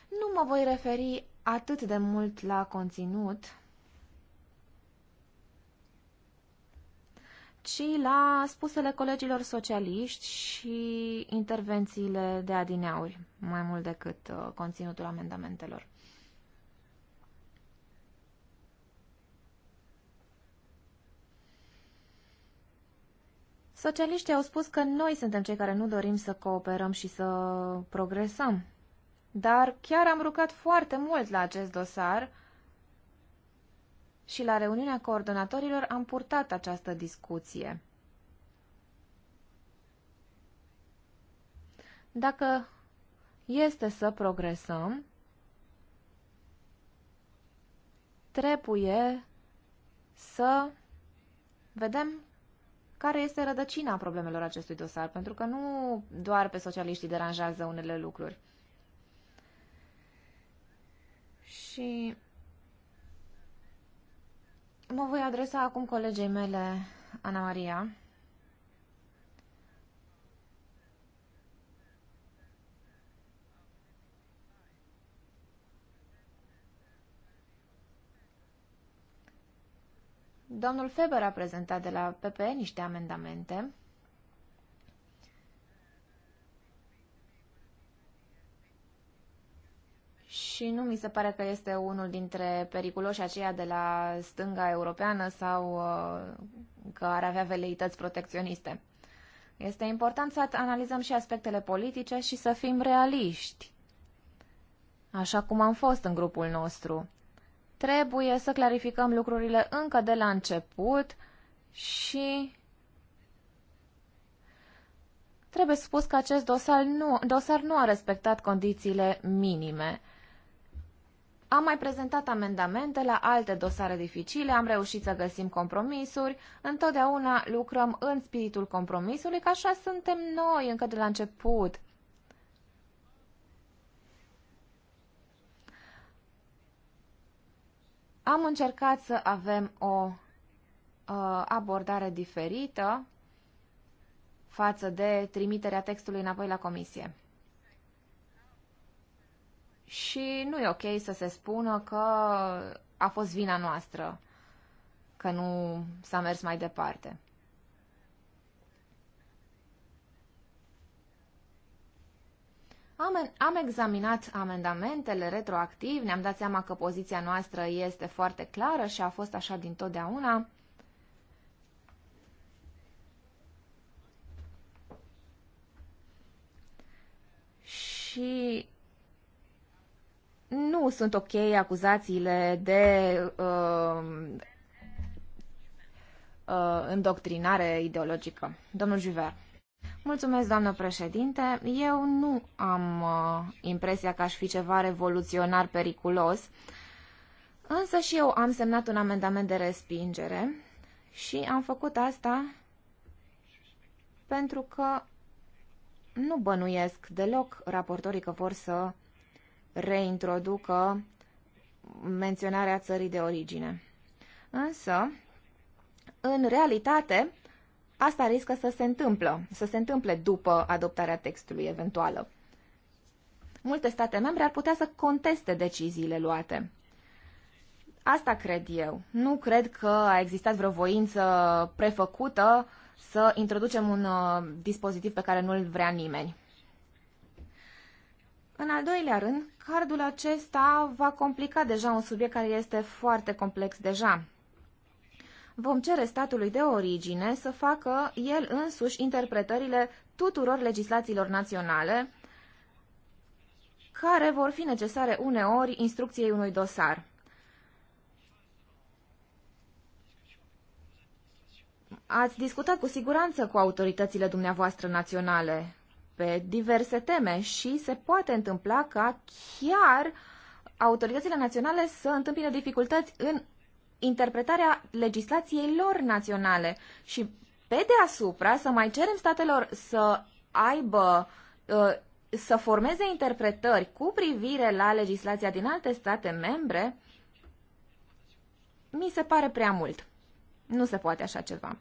S3: Nu mă voi referi atât de mult la conținut, ci la spusele colegilor socialiști și intervențiile de adineauri, mai mult decât uh, conținutul amendamentelor. Socialiștii au spus că noi suntem cei care nu dorim să cooperăm și să progresăm. Dar chiar am rucat foarte mult la acest dosar și la reuniunea coordonatorilor am purtat această discuție. Dacă este să progresăm, trebuie să vedem care este rădăcina problemelor acestui dosar, pentru că nu doar pe socialiștii deranjează unele lucruri. Și mă voi adresa acum colegei mele, Ana Maria, Domnul Feber a prezentat de la PPE niște amendamente. Și nu mi se pare că este unul dintre periculoși aceia de la stânga europeană sau uh, că ar avea veleități protecționiste. Este important să analizăm și aspectele politice și să fim realiști, așa cum am fost în grupul nostru. Trebuie să clarificăm lucrurile încă de la început și trebuie spus că acest dosar nu, dosar nu a respectat condițiile minime. Am mai prezentat amendamente la alte dosare dificile, am reușit să găsim compromisuri, întotdeauna lucrăm în spiritul compromisului, că așa suntem noi încă de la început. Am încercat să avem o uh, abordare diferită față de trimiterea textului înapoi la comisie. Și nu e ok să se spună că a fost vina noastră, că nu s-a mers mai departe. Am, am examinat amendamentele retroactiv, ne-am dat seama că poziția noastră este foarte clară și a fost așa din totdeauna. Și nu sunt ok acuzațiile de uh, uh, îndoctrinare ideologică. Domnul Juver. Mulțumesc, doamnă președinte. Eu nu am uh, impresia că aș fi ceva revoluționar periculos, însă și eu am semnat un amendament de respingere și am făcut asta pentru că nu bănuiesc deloc raportorii că vor să reintroducă menționarea țării de origine. Însă, în realitate, Asta riscă să se întâmplă, să se întâmple după adoptarea textului eventuală. Multe state membre ar putea să conteste deciziile luate. Asta cred eu. Nu cred că a existat vreo voință prefăcută să introducem un uh, dispozitiv pe care nu-l vrea nimeni. În al doilea rând, cardul acesta va complica deja un subiect care este foarte complex deja vom cere statului de origine să facă el însuși interpretările tuturor legislațiilor naționale, care vor fi necesare uneori instrucției unui dosar. Ați discutat cu siguranță cu autoritățile dumneavoastră naționale pe diverse teme și se poate întâmpla ca chiar autoritățile naționale să întâmpine dificultăți în interpretarea legislației lor naționale și pe deasupra să mai cerem statelor să aibă uh, să formeze interpretări cu privire la legislația din alte state membre, mi se pare prea mult. Nu se poate așa ceva.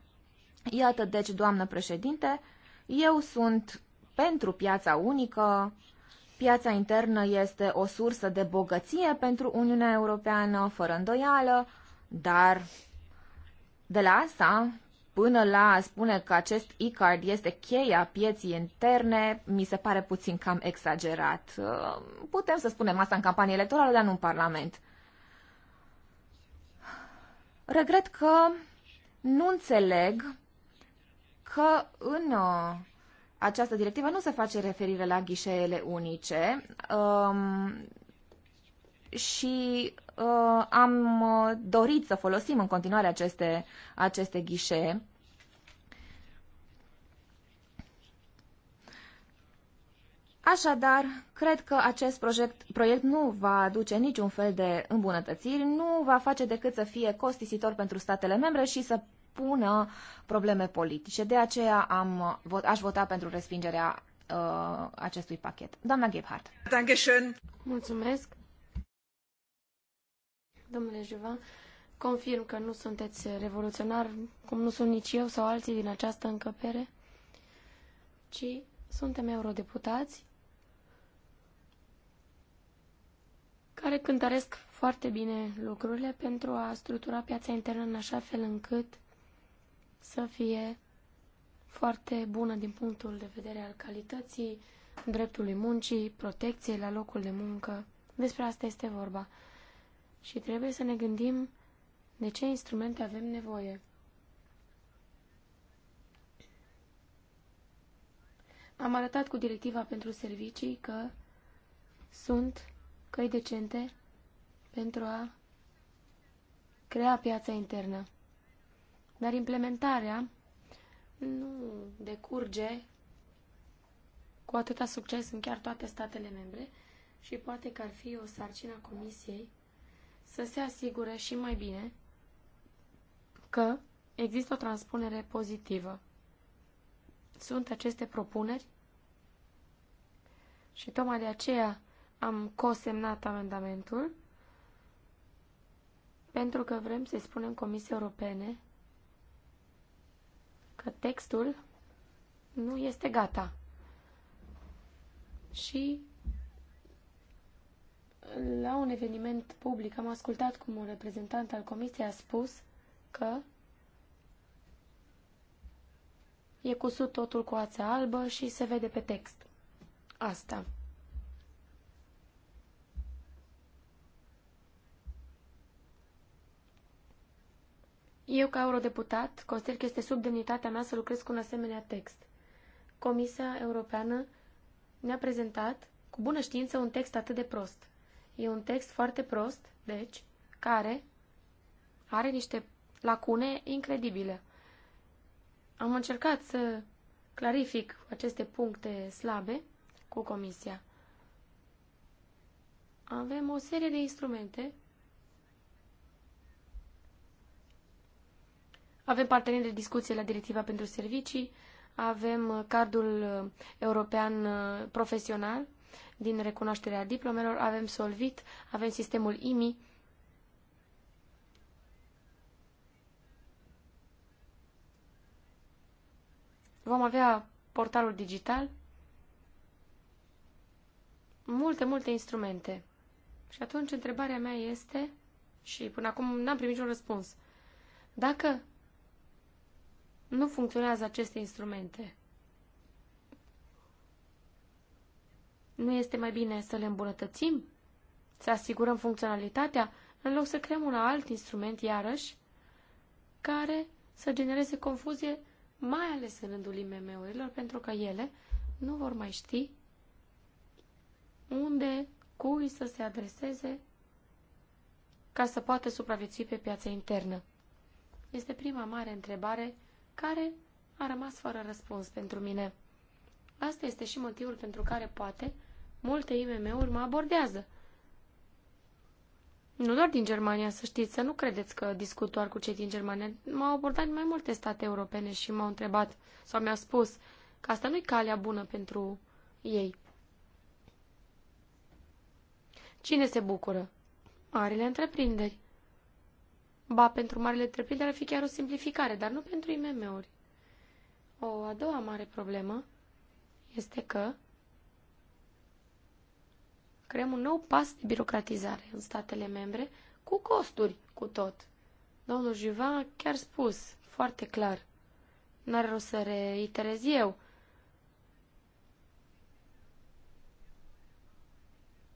S3: Iată, deci, doamnă președinte, eu sunt pentru piața unică. Piața internă este o sursă de bogăție pentru Uniunea Europeană, fără îndoială. Dar de la asta până la a spune că acest e-card este cheia pieții interne, mi se pare puțin cam exagerat. Uh, putem să spunem asta în campanie electorală, dar nu în Parlament. Regret că nu înțeleg că în uh, această directivă nu se face referire la ghișeele unice um, și uh, am uh, dorit să folosim în continuare aceste, aceste ghișee. Așadar, cred că acest proiect, proiect nu va aduce niciun fel de îmbunătățiri, nu va face decât să fie costisitor pentru statele membre și să pună probleme politice. De aceea am, uh, aș vota pentru respingerea uh, acestui pachet. Doamna Gebhardt.
S2: Mulțumesc. Domnule Juvan, confirm că nu sunteți revoluționar, cum nu sunt nici eu sau alții din această încăpere, ci suntem eurodeputați care cântăresc foarte bine lucrurile pentru a structura piața internă în așa fel încât să fie foarte bună din punctul de vedere al calității, dreptului muncii, protecției la locul de muncă. Despre asta este vorba și trebuie să ne gândim de ce instrumente avem nevoie. Am arătat cu directiva pentru servicii că sunt căi decente pentru a crea piața internă. Dar implementarea nu decurge cu atâta succes în chiar toate statele membre și poate că ar fi o sarcină a Comisiei să se asigure și mai bine că există o transpunere pozitivă. Sunt aceste propuneri și tocmai de aceea am cosemnat amendamentul pentru că vrem să-i spunem Comisiei Europene că textul nu este gata și la un eveniment public am ascultat cum un reprezentant al comisiei a spus că e cusut totul cu ața albă și se vede pe text. Asta. Eu, ca eurodeputat, consider că este sub demnitatea mea să lucrez cu un asemenea text. Comisia Europeană ne-a prezentat, cu bună știință, un text atât de prost. E un text foarte prost, deci, care are niște lacune incredibile. Am încercat să clarific aceste puncte slabe cu comisia. Avem o serie de instrumente. Avem parteneri de discuție la Directiva pentru Servicii, avem cardul european profesional, din recunoașterea diplomelor, avem Solvit, avem sistemul IMI. Vom avea portalul digital, multe, multe instrumente. Și atunci întrebarea mea este, și până acum n-am primit niciun răspuns, dacă nu funcționează aceste instrumente, Nu este mai bine să le îmbunătățim? Să asigurăm funcționalitatea în loc să creăm un alt instrument, iarăși, care să genereze confuzie, mai ales în rândul IMM-urilor, pentru că ele nu vor mai ști unde, cui să se adreseze ca să poată supraviețui pe piața internă. Este prima mare întrebare care a rămas fără răspuns pentru mine. Asta este și motivul pentru care poate multe IMM-uri mă abordează. Nu doar din Germania, să știți, să nu credeți că discut doar cu cei din Germania. M-au abordat mai multe state europene și m-au întrebat sau mi-au spus că asta nu-i calea bună pentru ei. Cine se bucură? Marile întreprinderi. Ba, pentru marile întreprinderi ar fi chiar o simplificare, dar nu pentru IMM-uri. O a doua mare problemă este că creăm un nou pas de birocratizare în statele membre, cu costuri, cu tot. Domnul Juvan a chiar spus, foarte clar. N-are rost să reiterez eu.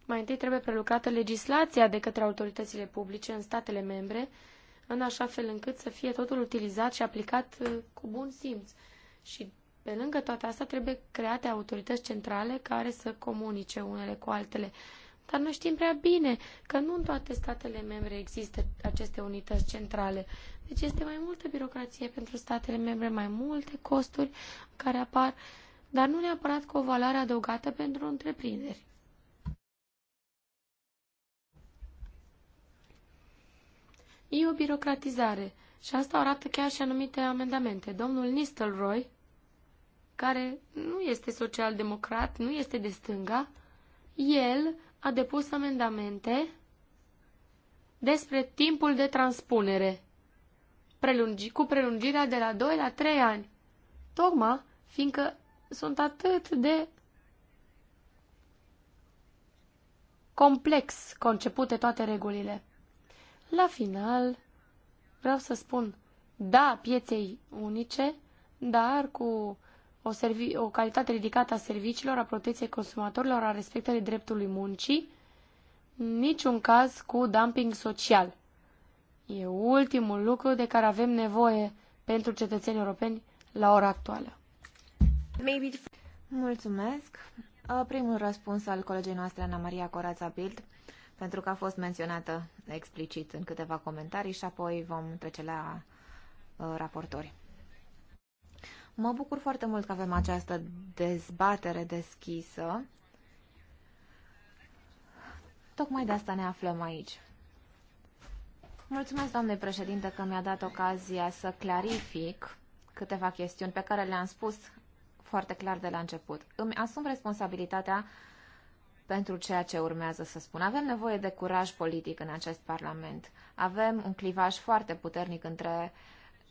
S2: Mai întâi trebuie prelucrată legislația de către autoritățile publice în statele membre, în așa fel încât să fie totul utilizat și aplicat uh, cu bun simț. Și pe lângă toate astea, trebuie create autorități centrale care să comunice unele cu altele. Dar noi știm prea bine că nu în toate statele membre există aceste unități centrale. Deci este mai multă birocrație pentru statele membre, mai multe costuri care apar, dar nu neapărat cu o valoare adăugată pentru întreprinderi. E o birocratizare și asta arată chiar și anumite amendamente. Domnul Nistelrooy care nu este social-democrat, nu este de stânga, el a depus amendamente despre timpul de transpunere, prelungi, cu prelungirea de la 2 la 3 ani, tocmai fiindcă sunt atât de complex concepute toate regulile. La final, vreau să spun da pieței unice, dar cu o, o calitate ridicată a serviciilor, a protecției consumatorilor, a respectării dreptului muncii, niciun caz cu dumping social. E ultimul lucru de care avem nevoie pentru cetățenii europeni la ora actuală.
S3: Mulțumesc. Primul răspuns al colegei noastre, Ana Maria Corața Bild, pentru că a fost menționată explicit în câteva comentarii și apoi vom trece la uh, raportori. Mă bucur foarte mult că avem această dezbatere deschisă. Tocmai de asta ne aflăm aici. Mulțumesc, doamne președinte, că mi-a dat ocazia să clarific câteva chestiuni pe care le-am spus foarte clar de la început. Îmi asum responsabilitatea pentru ceea ce urmează să spun. Avem nevoie de curaj politic în acest Parlament. Avem un clivaj foarte puternic între uh,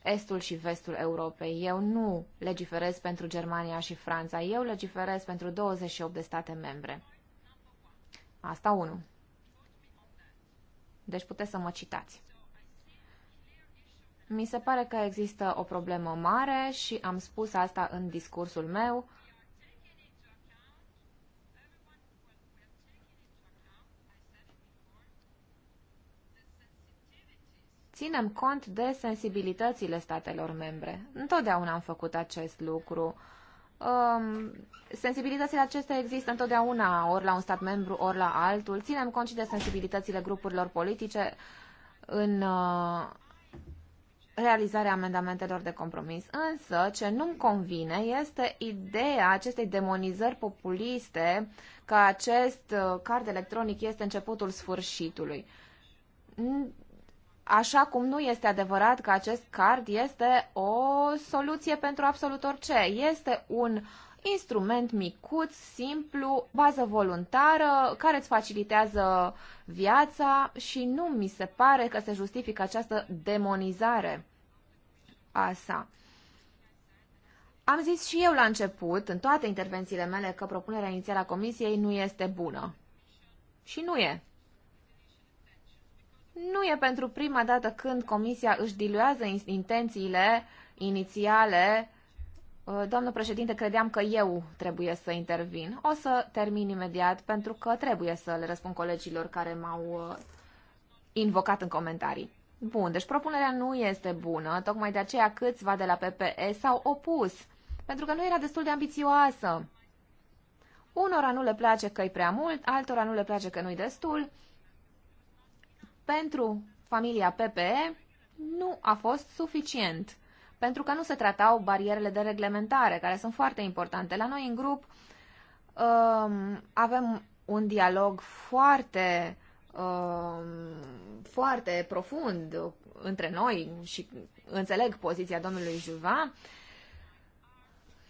S3: estul și vestul Europei. Eu nu legiferez pentru Germania și Franța, eu legiferez pentru 28 de state membre. Asta unul. Deci puteți să mă citați. Mi se pare că există o problemă mare și am spus asta în discursul meu. ținem cont de sensibilitățile statelor membre. Întotdeauna am făcut acest lucru. Um, sensibilitățile acestea există întotdeauna, ori la un stat membru, ori la altul. Ținem cont și de sensibilitățile grupurilor politice în uh, realizarea amendamentelor de compromis. Însă, ce nu-mi convine este ideea acestei demonizări populiste că acest uh, card electronic este începutul sfârșitului Așa cum nu este adevărat că acest card este o soluție pentru absolut orice. Este un instrument micuț, simplu, bază voluntară, care îți facilitează viața și nu mi se pare că se justifică această demonizare a sa. Am zis și eu la început, în toate intervențiile mele, că propunerea inițială a Comisiei nu este bună. Și nu e. Nu e pentru prima dată când Comisia își diluează intențiile inițiale. Uh, doamnă președinte, credeam că eu trebuie să intervin. O să termin imediat pentru că trebuie să le răspund colegilor care m-au uh, invocat în comentarii. Bun, deci propunerea nu este bună, tocmai de aceea câțiva de la PPE s-au opus, pentru că nu era destul de ambițioasă. Unora nu le place că e prea mult, altora nu le place că nu-i destul pentru familia PPE nu a fost suficient, pentru că nu se tratau barierele de reglementare, care sunt foarte importante. La noi în grup um, avem un dialog foarte, um, foarte profund între noi și înțeleg poziția domnului Juva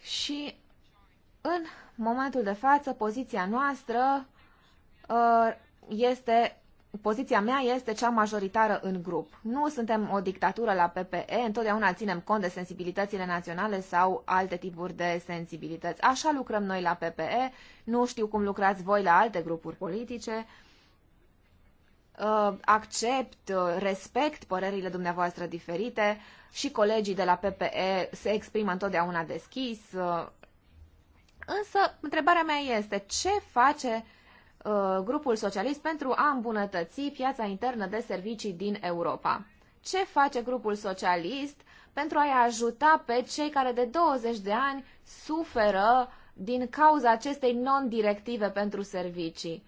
S3: și în momentul de față poziția noastră uh, este poziția mea este cea majoritară în grup. Nu suntem o dictatură la PPE, întotdeauna ținem cont de sensibilitățile naționale sau alte tipuri de sensibilități. Așa lucrăm noi la PPE, nu știu cum lucrați voi la alte grupuri politice. Uh, accept, uh, respect părerile dumneavoastră diferite și colegii de la PPE se exprimă întotdeauna deschis. Uh. Însă, întrebarea mea este ce face Uh, grupul socialist pentru a îmbunătăți piața internă de servicii din Europa. Ce face grupul socialist pentru a-i ajuta pe cei care de 20 de ani suferă din cauza acestei non-directive pentru servicii?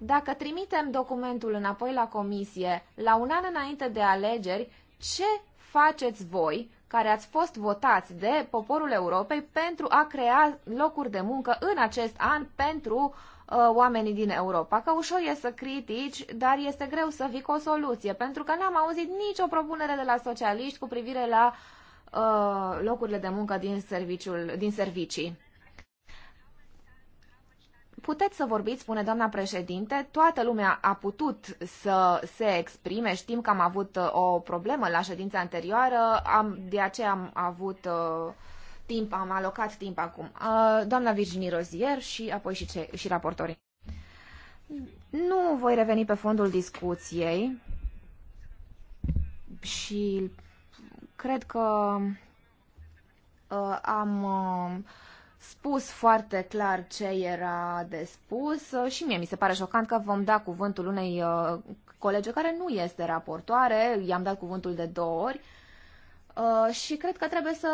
S3: Dacă trimitem documentul înapoi la comisie la un an înainte de alegeri, ce faceți voi care ați fost votați de poporul Europei pentru a crea locuri de muncă în acest an pentru uh, oamenii din Europa. Că ușor e să critici, dar este greu să vii cu o soluție, pentru că n-am auzit nicio propunere de la socialiști cu privire la uh, locurile de muncă din, serviciul, din servicii. Puteți să vorbiți, spune doamna președinte, toată lumea a putut să se exprime, știm că am avut uh, o problemă la ședința anterioară, am, de aceea am avut uh, timp, am alocat timp acum. Uh, doamna Virginie Rozier și apoi și, ce, și raportorii. Nu voi reveni pe fondul discuției și cred că uh, am... Uh, spus foarte clar ce era de spus uh, și mie mi se pare șocant că vom da cuvântul unei uh, colege care nu este raportoare, i-am dat cuvântul de două ori uh, și cred că trebuie să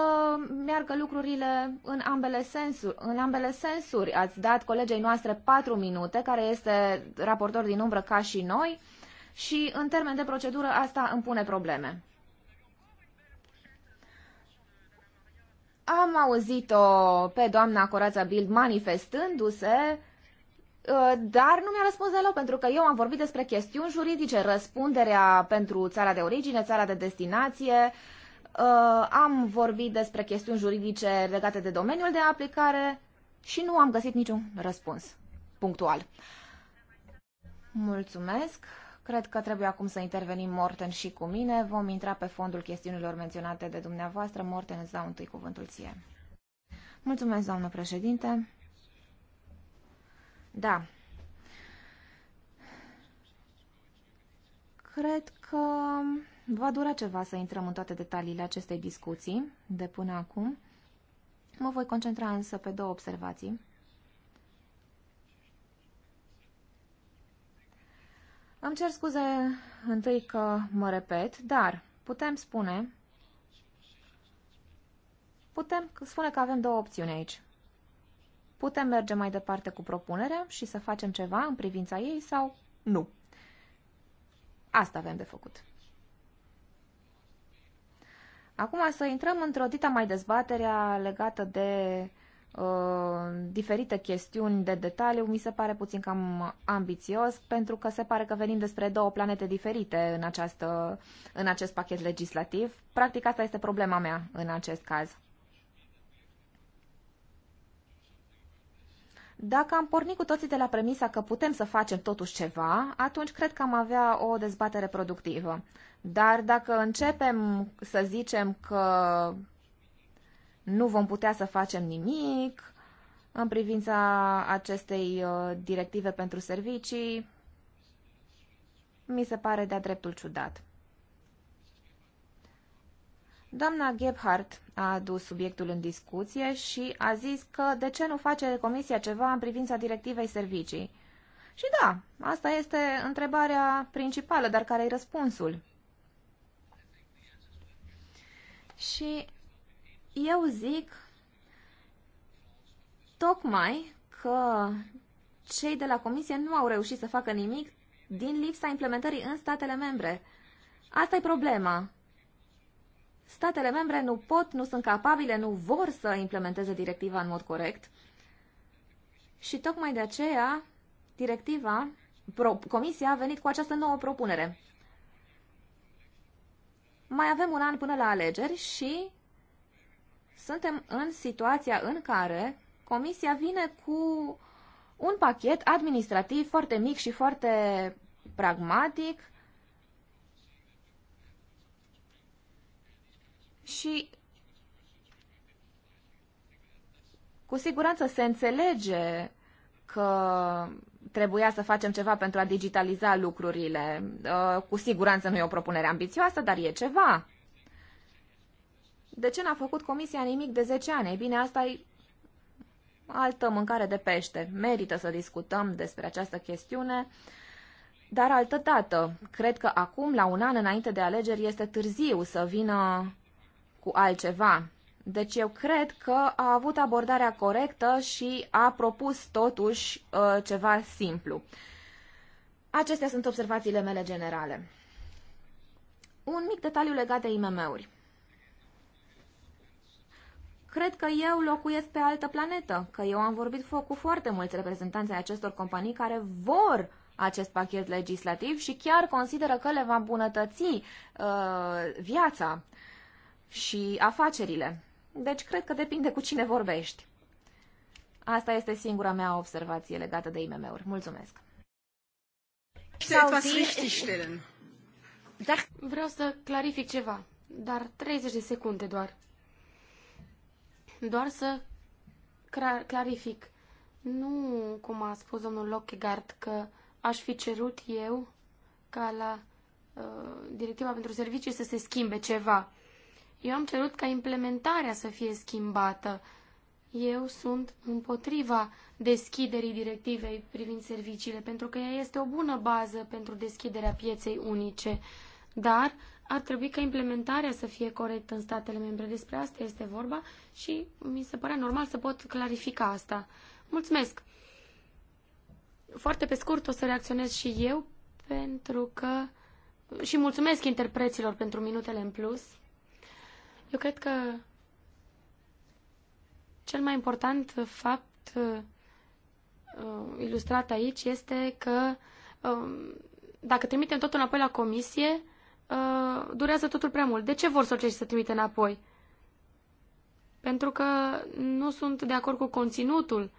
S3: meargă lucrurile în ambele, sensuri, în ambele sensuri. Ați dat colegei noastre patru minute, care este raportor din umbră ca și noi, și în termen de procedură asta îmi pune probleme. Am auzit-o pe doamna Corața Bild manifestându-se, ă, dar nu mi-a răspuns deloc, pentru că eu am vorbit despre chestiuni juridice, răspunderea pentru țara de origine, țara de destinație, ă, am vorbit despre chestiuni juridice legate de domeniul de aplicare și nu am găsit niciun răspuns punctual. Mulțumesc! Cred că trebuie acum să intervenim Morten și cu mine. Vom intra pe fondul chestiunilor menționate de dumneavoastră. Morten, îți dau întâi cuvântul ție. Mulțumesc, doamnă președinte. Da. Cred că va dura ceva să intrăm în toate detaliile acestei discuții de până acum. Mă voi concentra însă pe două observații. Îmi cer scuze întâi că mă repet, dar putem spune putem spune că avem două opțiuni aici. Putem merge mai departe cu propunerea și să facem ceva în privința ei sau nu. Asta avem de făcut. Acum să intrăm într-o dita mai dezbaterea legată de Uh, diferite chestiuni de detaliu mi se pare puțin cam ambițios pentru că se pare că venim despre două planete diferite în, această, în acest pachet legislativ. Practic asta este problema mea în acest caz. Dacă am pornit cu toții de la premisa că putem să facem totuși ceva, atunci cred că am avea o dezbatere productivă. Dar dacă începem să zicem că nu vom putea să facem nimic în privința acestei uh, directive pentru servicii, mi se pare de-a dreptul ciudat. Doamna Gebhardt a adus subiectul în discuție și a zis că de ce nu face Comisia ceva în privința directivei servicii. Și da, asta este întrebarea principală, dar care-i răspunsul? Și eu zic tocmai că cei de la Comisie nu au reușit să facă nimic din lipsa implementării în statele membre. Asta e problema. Statele membre nu pot, nu sunt capabile, nu vor să implementeze directiva în mod corect. Și tocmai de aceea, directiva, pro, Comisia a venit cu această nouă propunere. Mai avem un an până la alegeri și suntem în situația în care Comisia vine cu un pachet administrativ foarte mic și foarte pragmatic și cu siguranță se înțelege că trebuia să facem ceva pentru a digitaliza lucrurile. Uh, cu siguranță nu e o propunere ambițioasă, dar e ceva. De ce n-a făcut comisia nimic de 10 ani? Ei bine, asta e altă mâncare de pește. Merită să discutăm despre această chestiune, dar altă dată. Cred că acum, la un an înainte de alegeri, este târziu să vină cu altceva. Deci eu cred că a avut abordarea corectă și a propus totuși uh, ceva simplu. Acestea sunt observațiile mele generale. Un mic detaliu legat de IMM-uri cred că eu locuiesc pe altă planetă, că eu am vorbit cu foarte mulți reprezentanți ai acestor companii care vor acest pachet legislativ și chiar consideră că le va îmbunătăți uh, viața și afacerile. Deci cred că depinde cu cine vorbești. Asta este singura mea observație legată de IMM-uri. Mulțumesc!
S2: Vreau să clarific ceva, dar 30 de secunde doar doar să clarific. Nu, cum a spus domnul Lockhart, că aș fi cerut eu ca la uh, directiva pentru servicii să se schimbe ceva. Eu am cerut ca implementarea să fie schimbată. Eu sunt împotriva deschiderii directivei privind serviciile, pentru că ea este o bună bază pentru deschiderea pieței unice. Dar ar trebui ca implementarea să fie corectă în statele membre. Despre asta este vorba și mi se părea normal să pot clarifica asta. Mulțumesc! Foarte pe scurt o să reacționez și eu, pentru că... Și mulțumesc interpreților pentru minutele în plus. Eu cred că cel mai important fapt uh, ilustrat aici este că um, dacă trimitem totul înapoi la comisie, uh, durează totul prea mult. De ce vor socialiștii să trimite înapoi? Pentru că nu sunt de acord cu conținutul.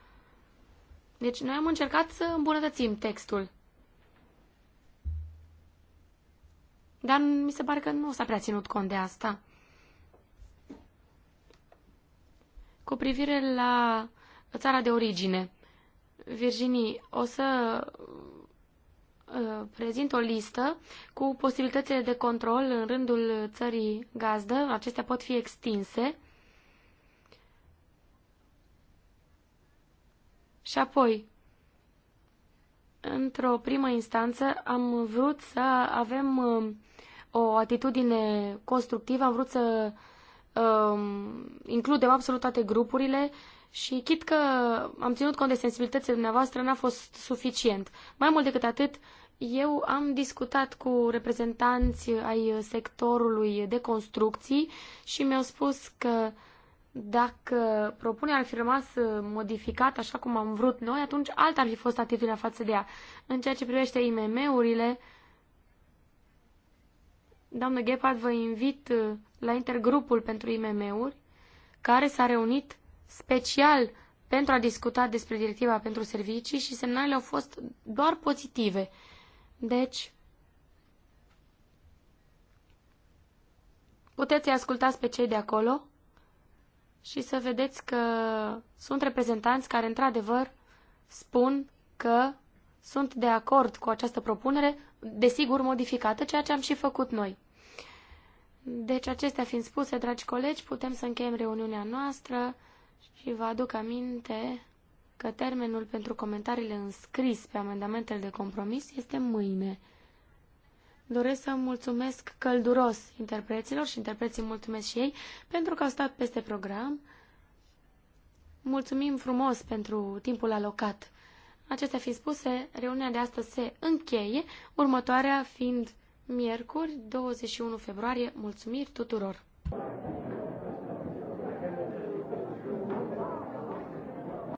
S2: Deci noi am încercat să îmbunătățim textul. Dar mi se pare că nu s-a prea ținut cont de asta. Cu privire la țara de origine, Virginie, o să Uh, prezint o listă cu posibilitățile de control în rândul țării gazdă. Acestea pot fi extinse. Și apoi, într-o primă instanță, am vrut să avem uh, o atitudine constructivă, am vrut să um, includem absolut toate grupurile și chit că am ținut cont de sensibilitățile dumneavoastră, n-a fost suficient. Mai mult decât atât, uh, eu am discutat cu reprezentanți ai sectorului de construcții și mi-au spus că dacă propunerea ar fi rămas modificată așa cum am vrut noi, atunci alta ar fi fost atitudinea față de ea. În ceea ce privește IMM-urile, doamnă Gepard, vă invit uh, la intergrupul pentru IMM-uri, care s-a reunit special pentru a discuta despre directiva pentru servicii și semnalele au fost doar pozitive. Deci, puteți să ascultați pe cei de acolo și să vedeți că sunt reprezentanți care, într-adevăr, spun că sunt de acord cu această propunere, desigur modificată, ceea ce am și făcut noi. Deci, acestea fiind spuse, dragi colegi, putem să încheiem reuniunea noastră și vă aduc aminte că termenul pentru comentariile înscris pe amendamentele de compromis este mâine. Doresc să mulțumesc călduros interpreților și interpreții mulțumesc și ei pentru că au stat peste program. Mulțumim frumos pentru timpul alocat. Acestea fiind spuse, reuniunea de astăzi se încheie, următoarea fiind miercuri, 21 februarie. Mulțumiri tuturor!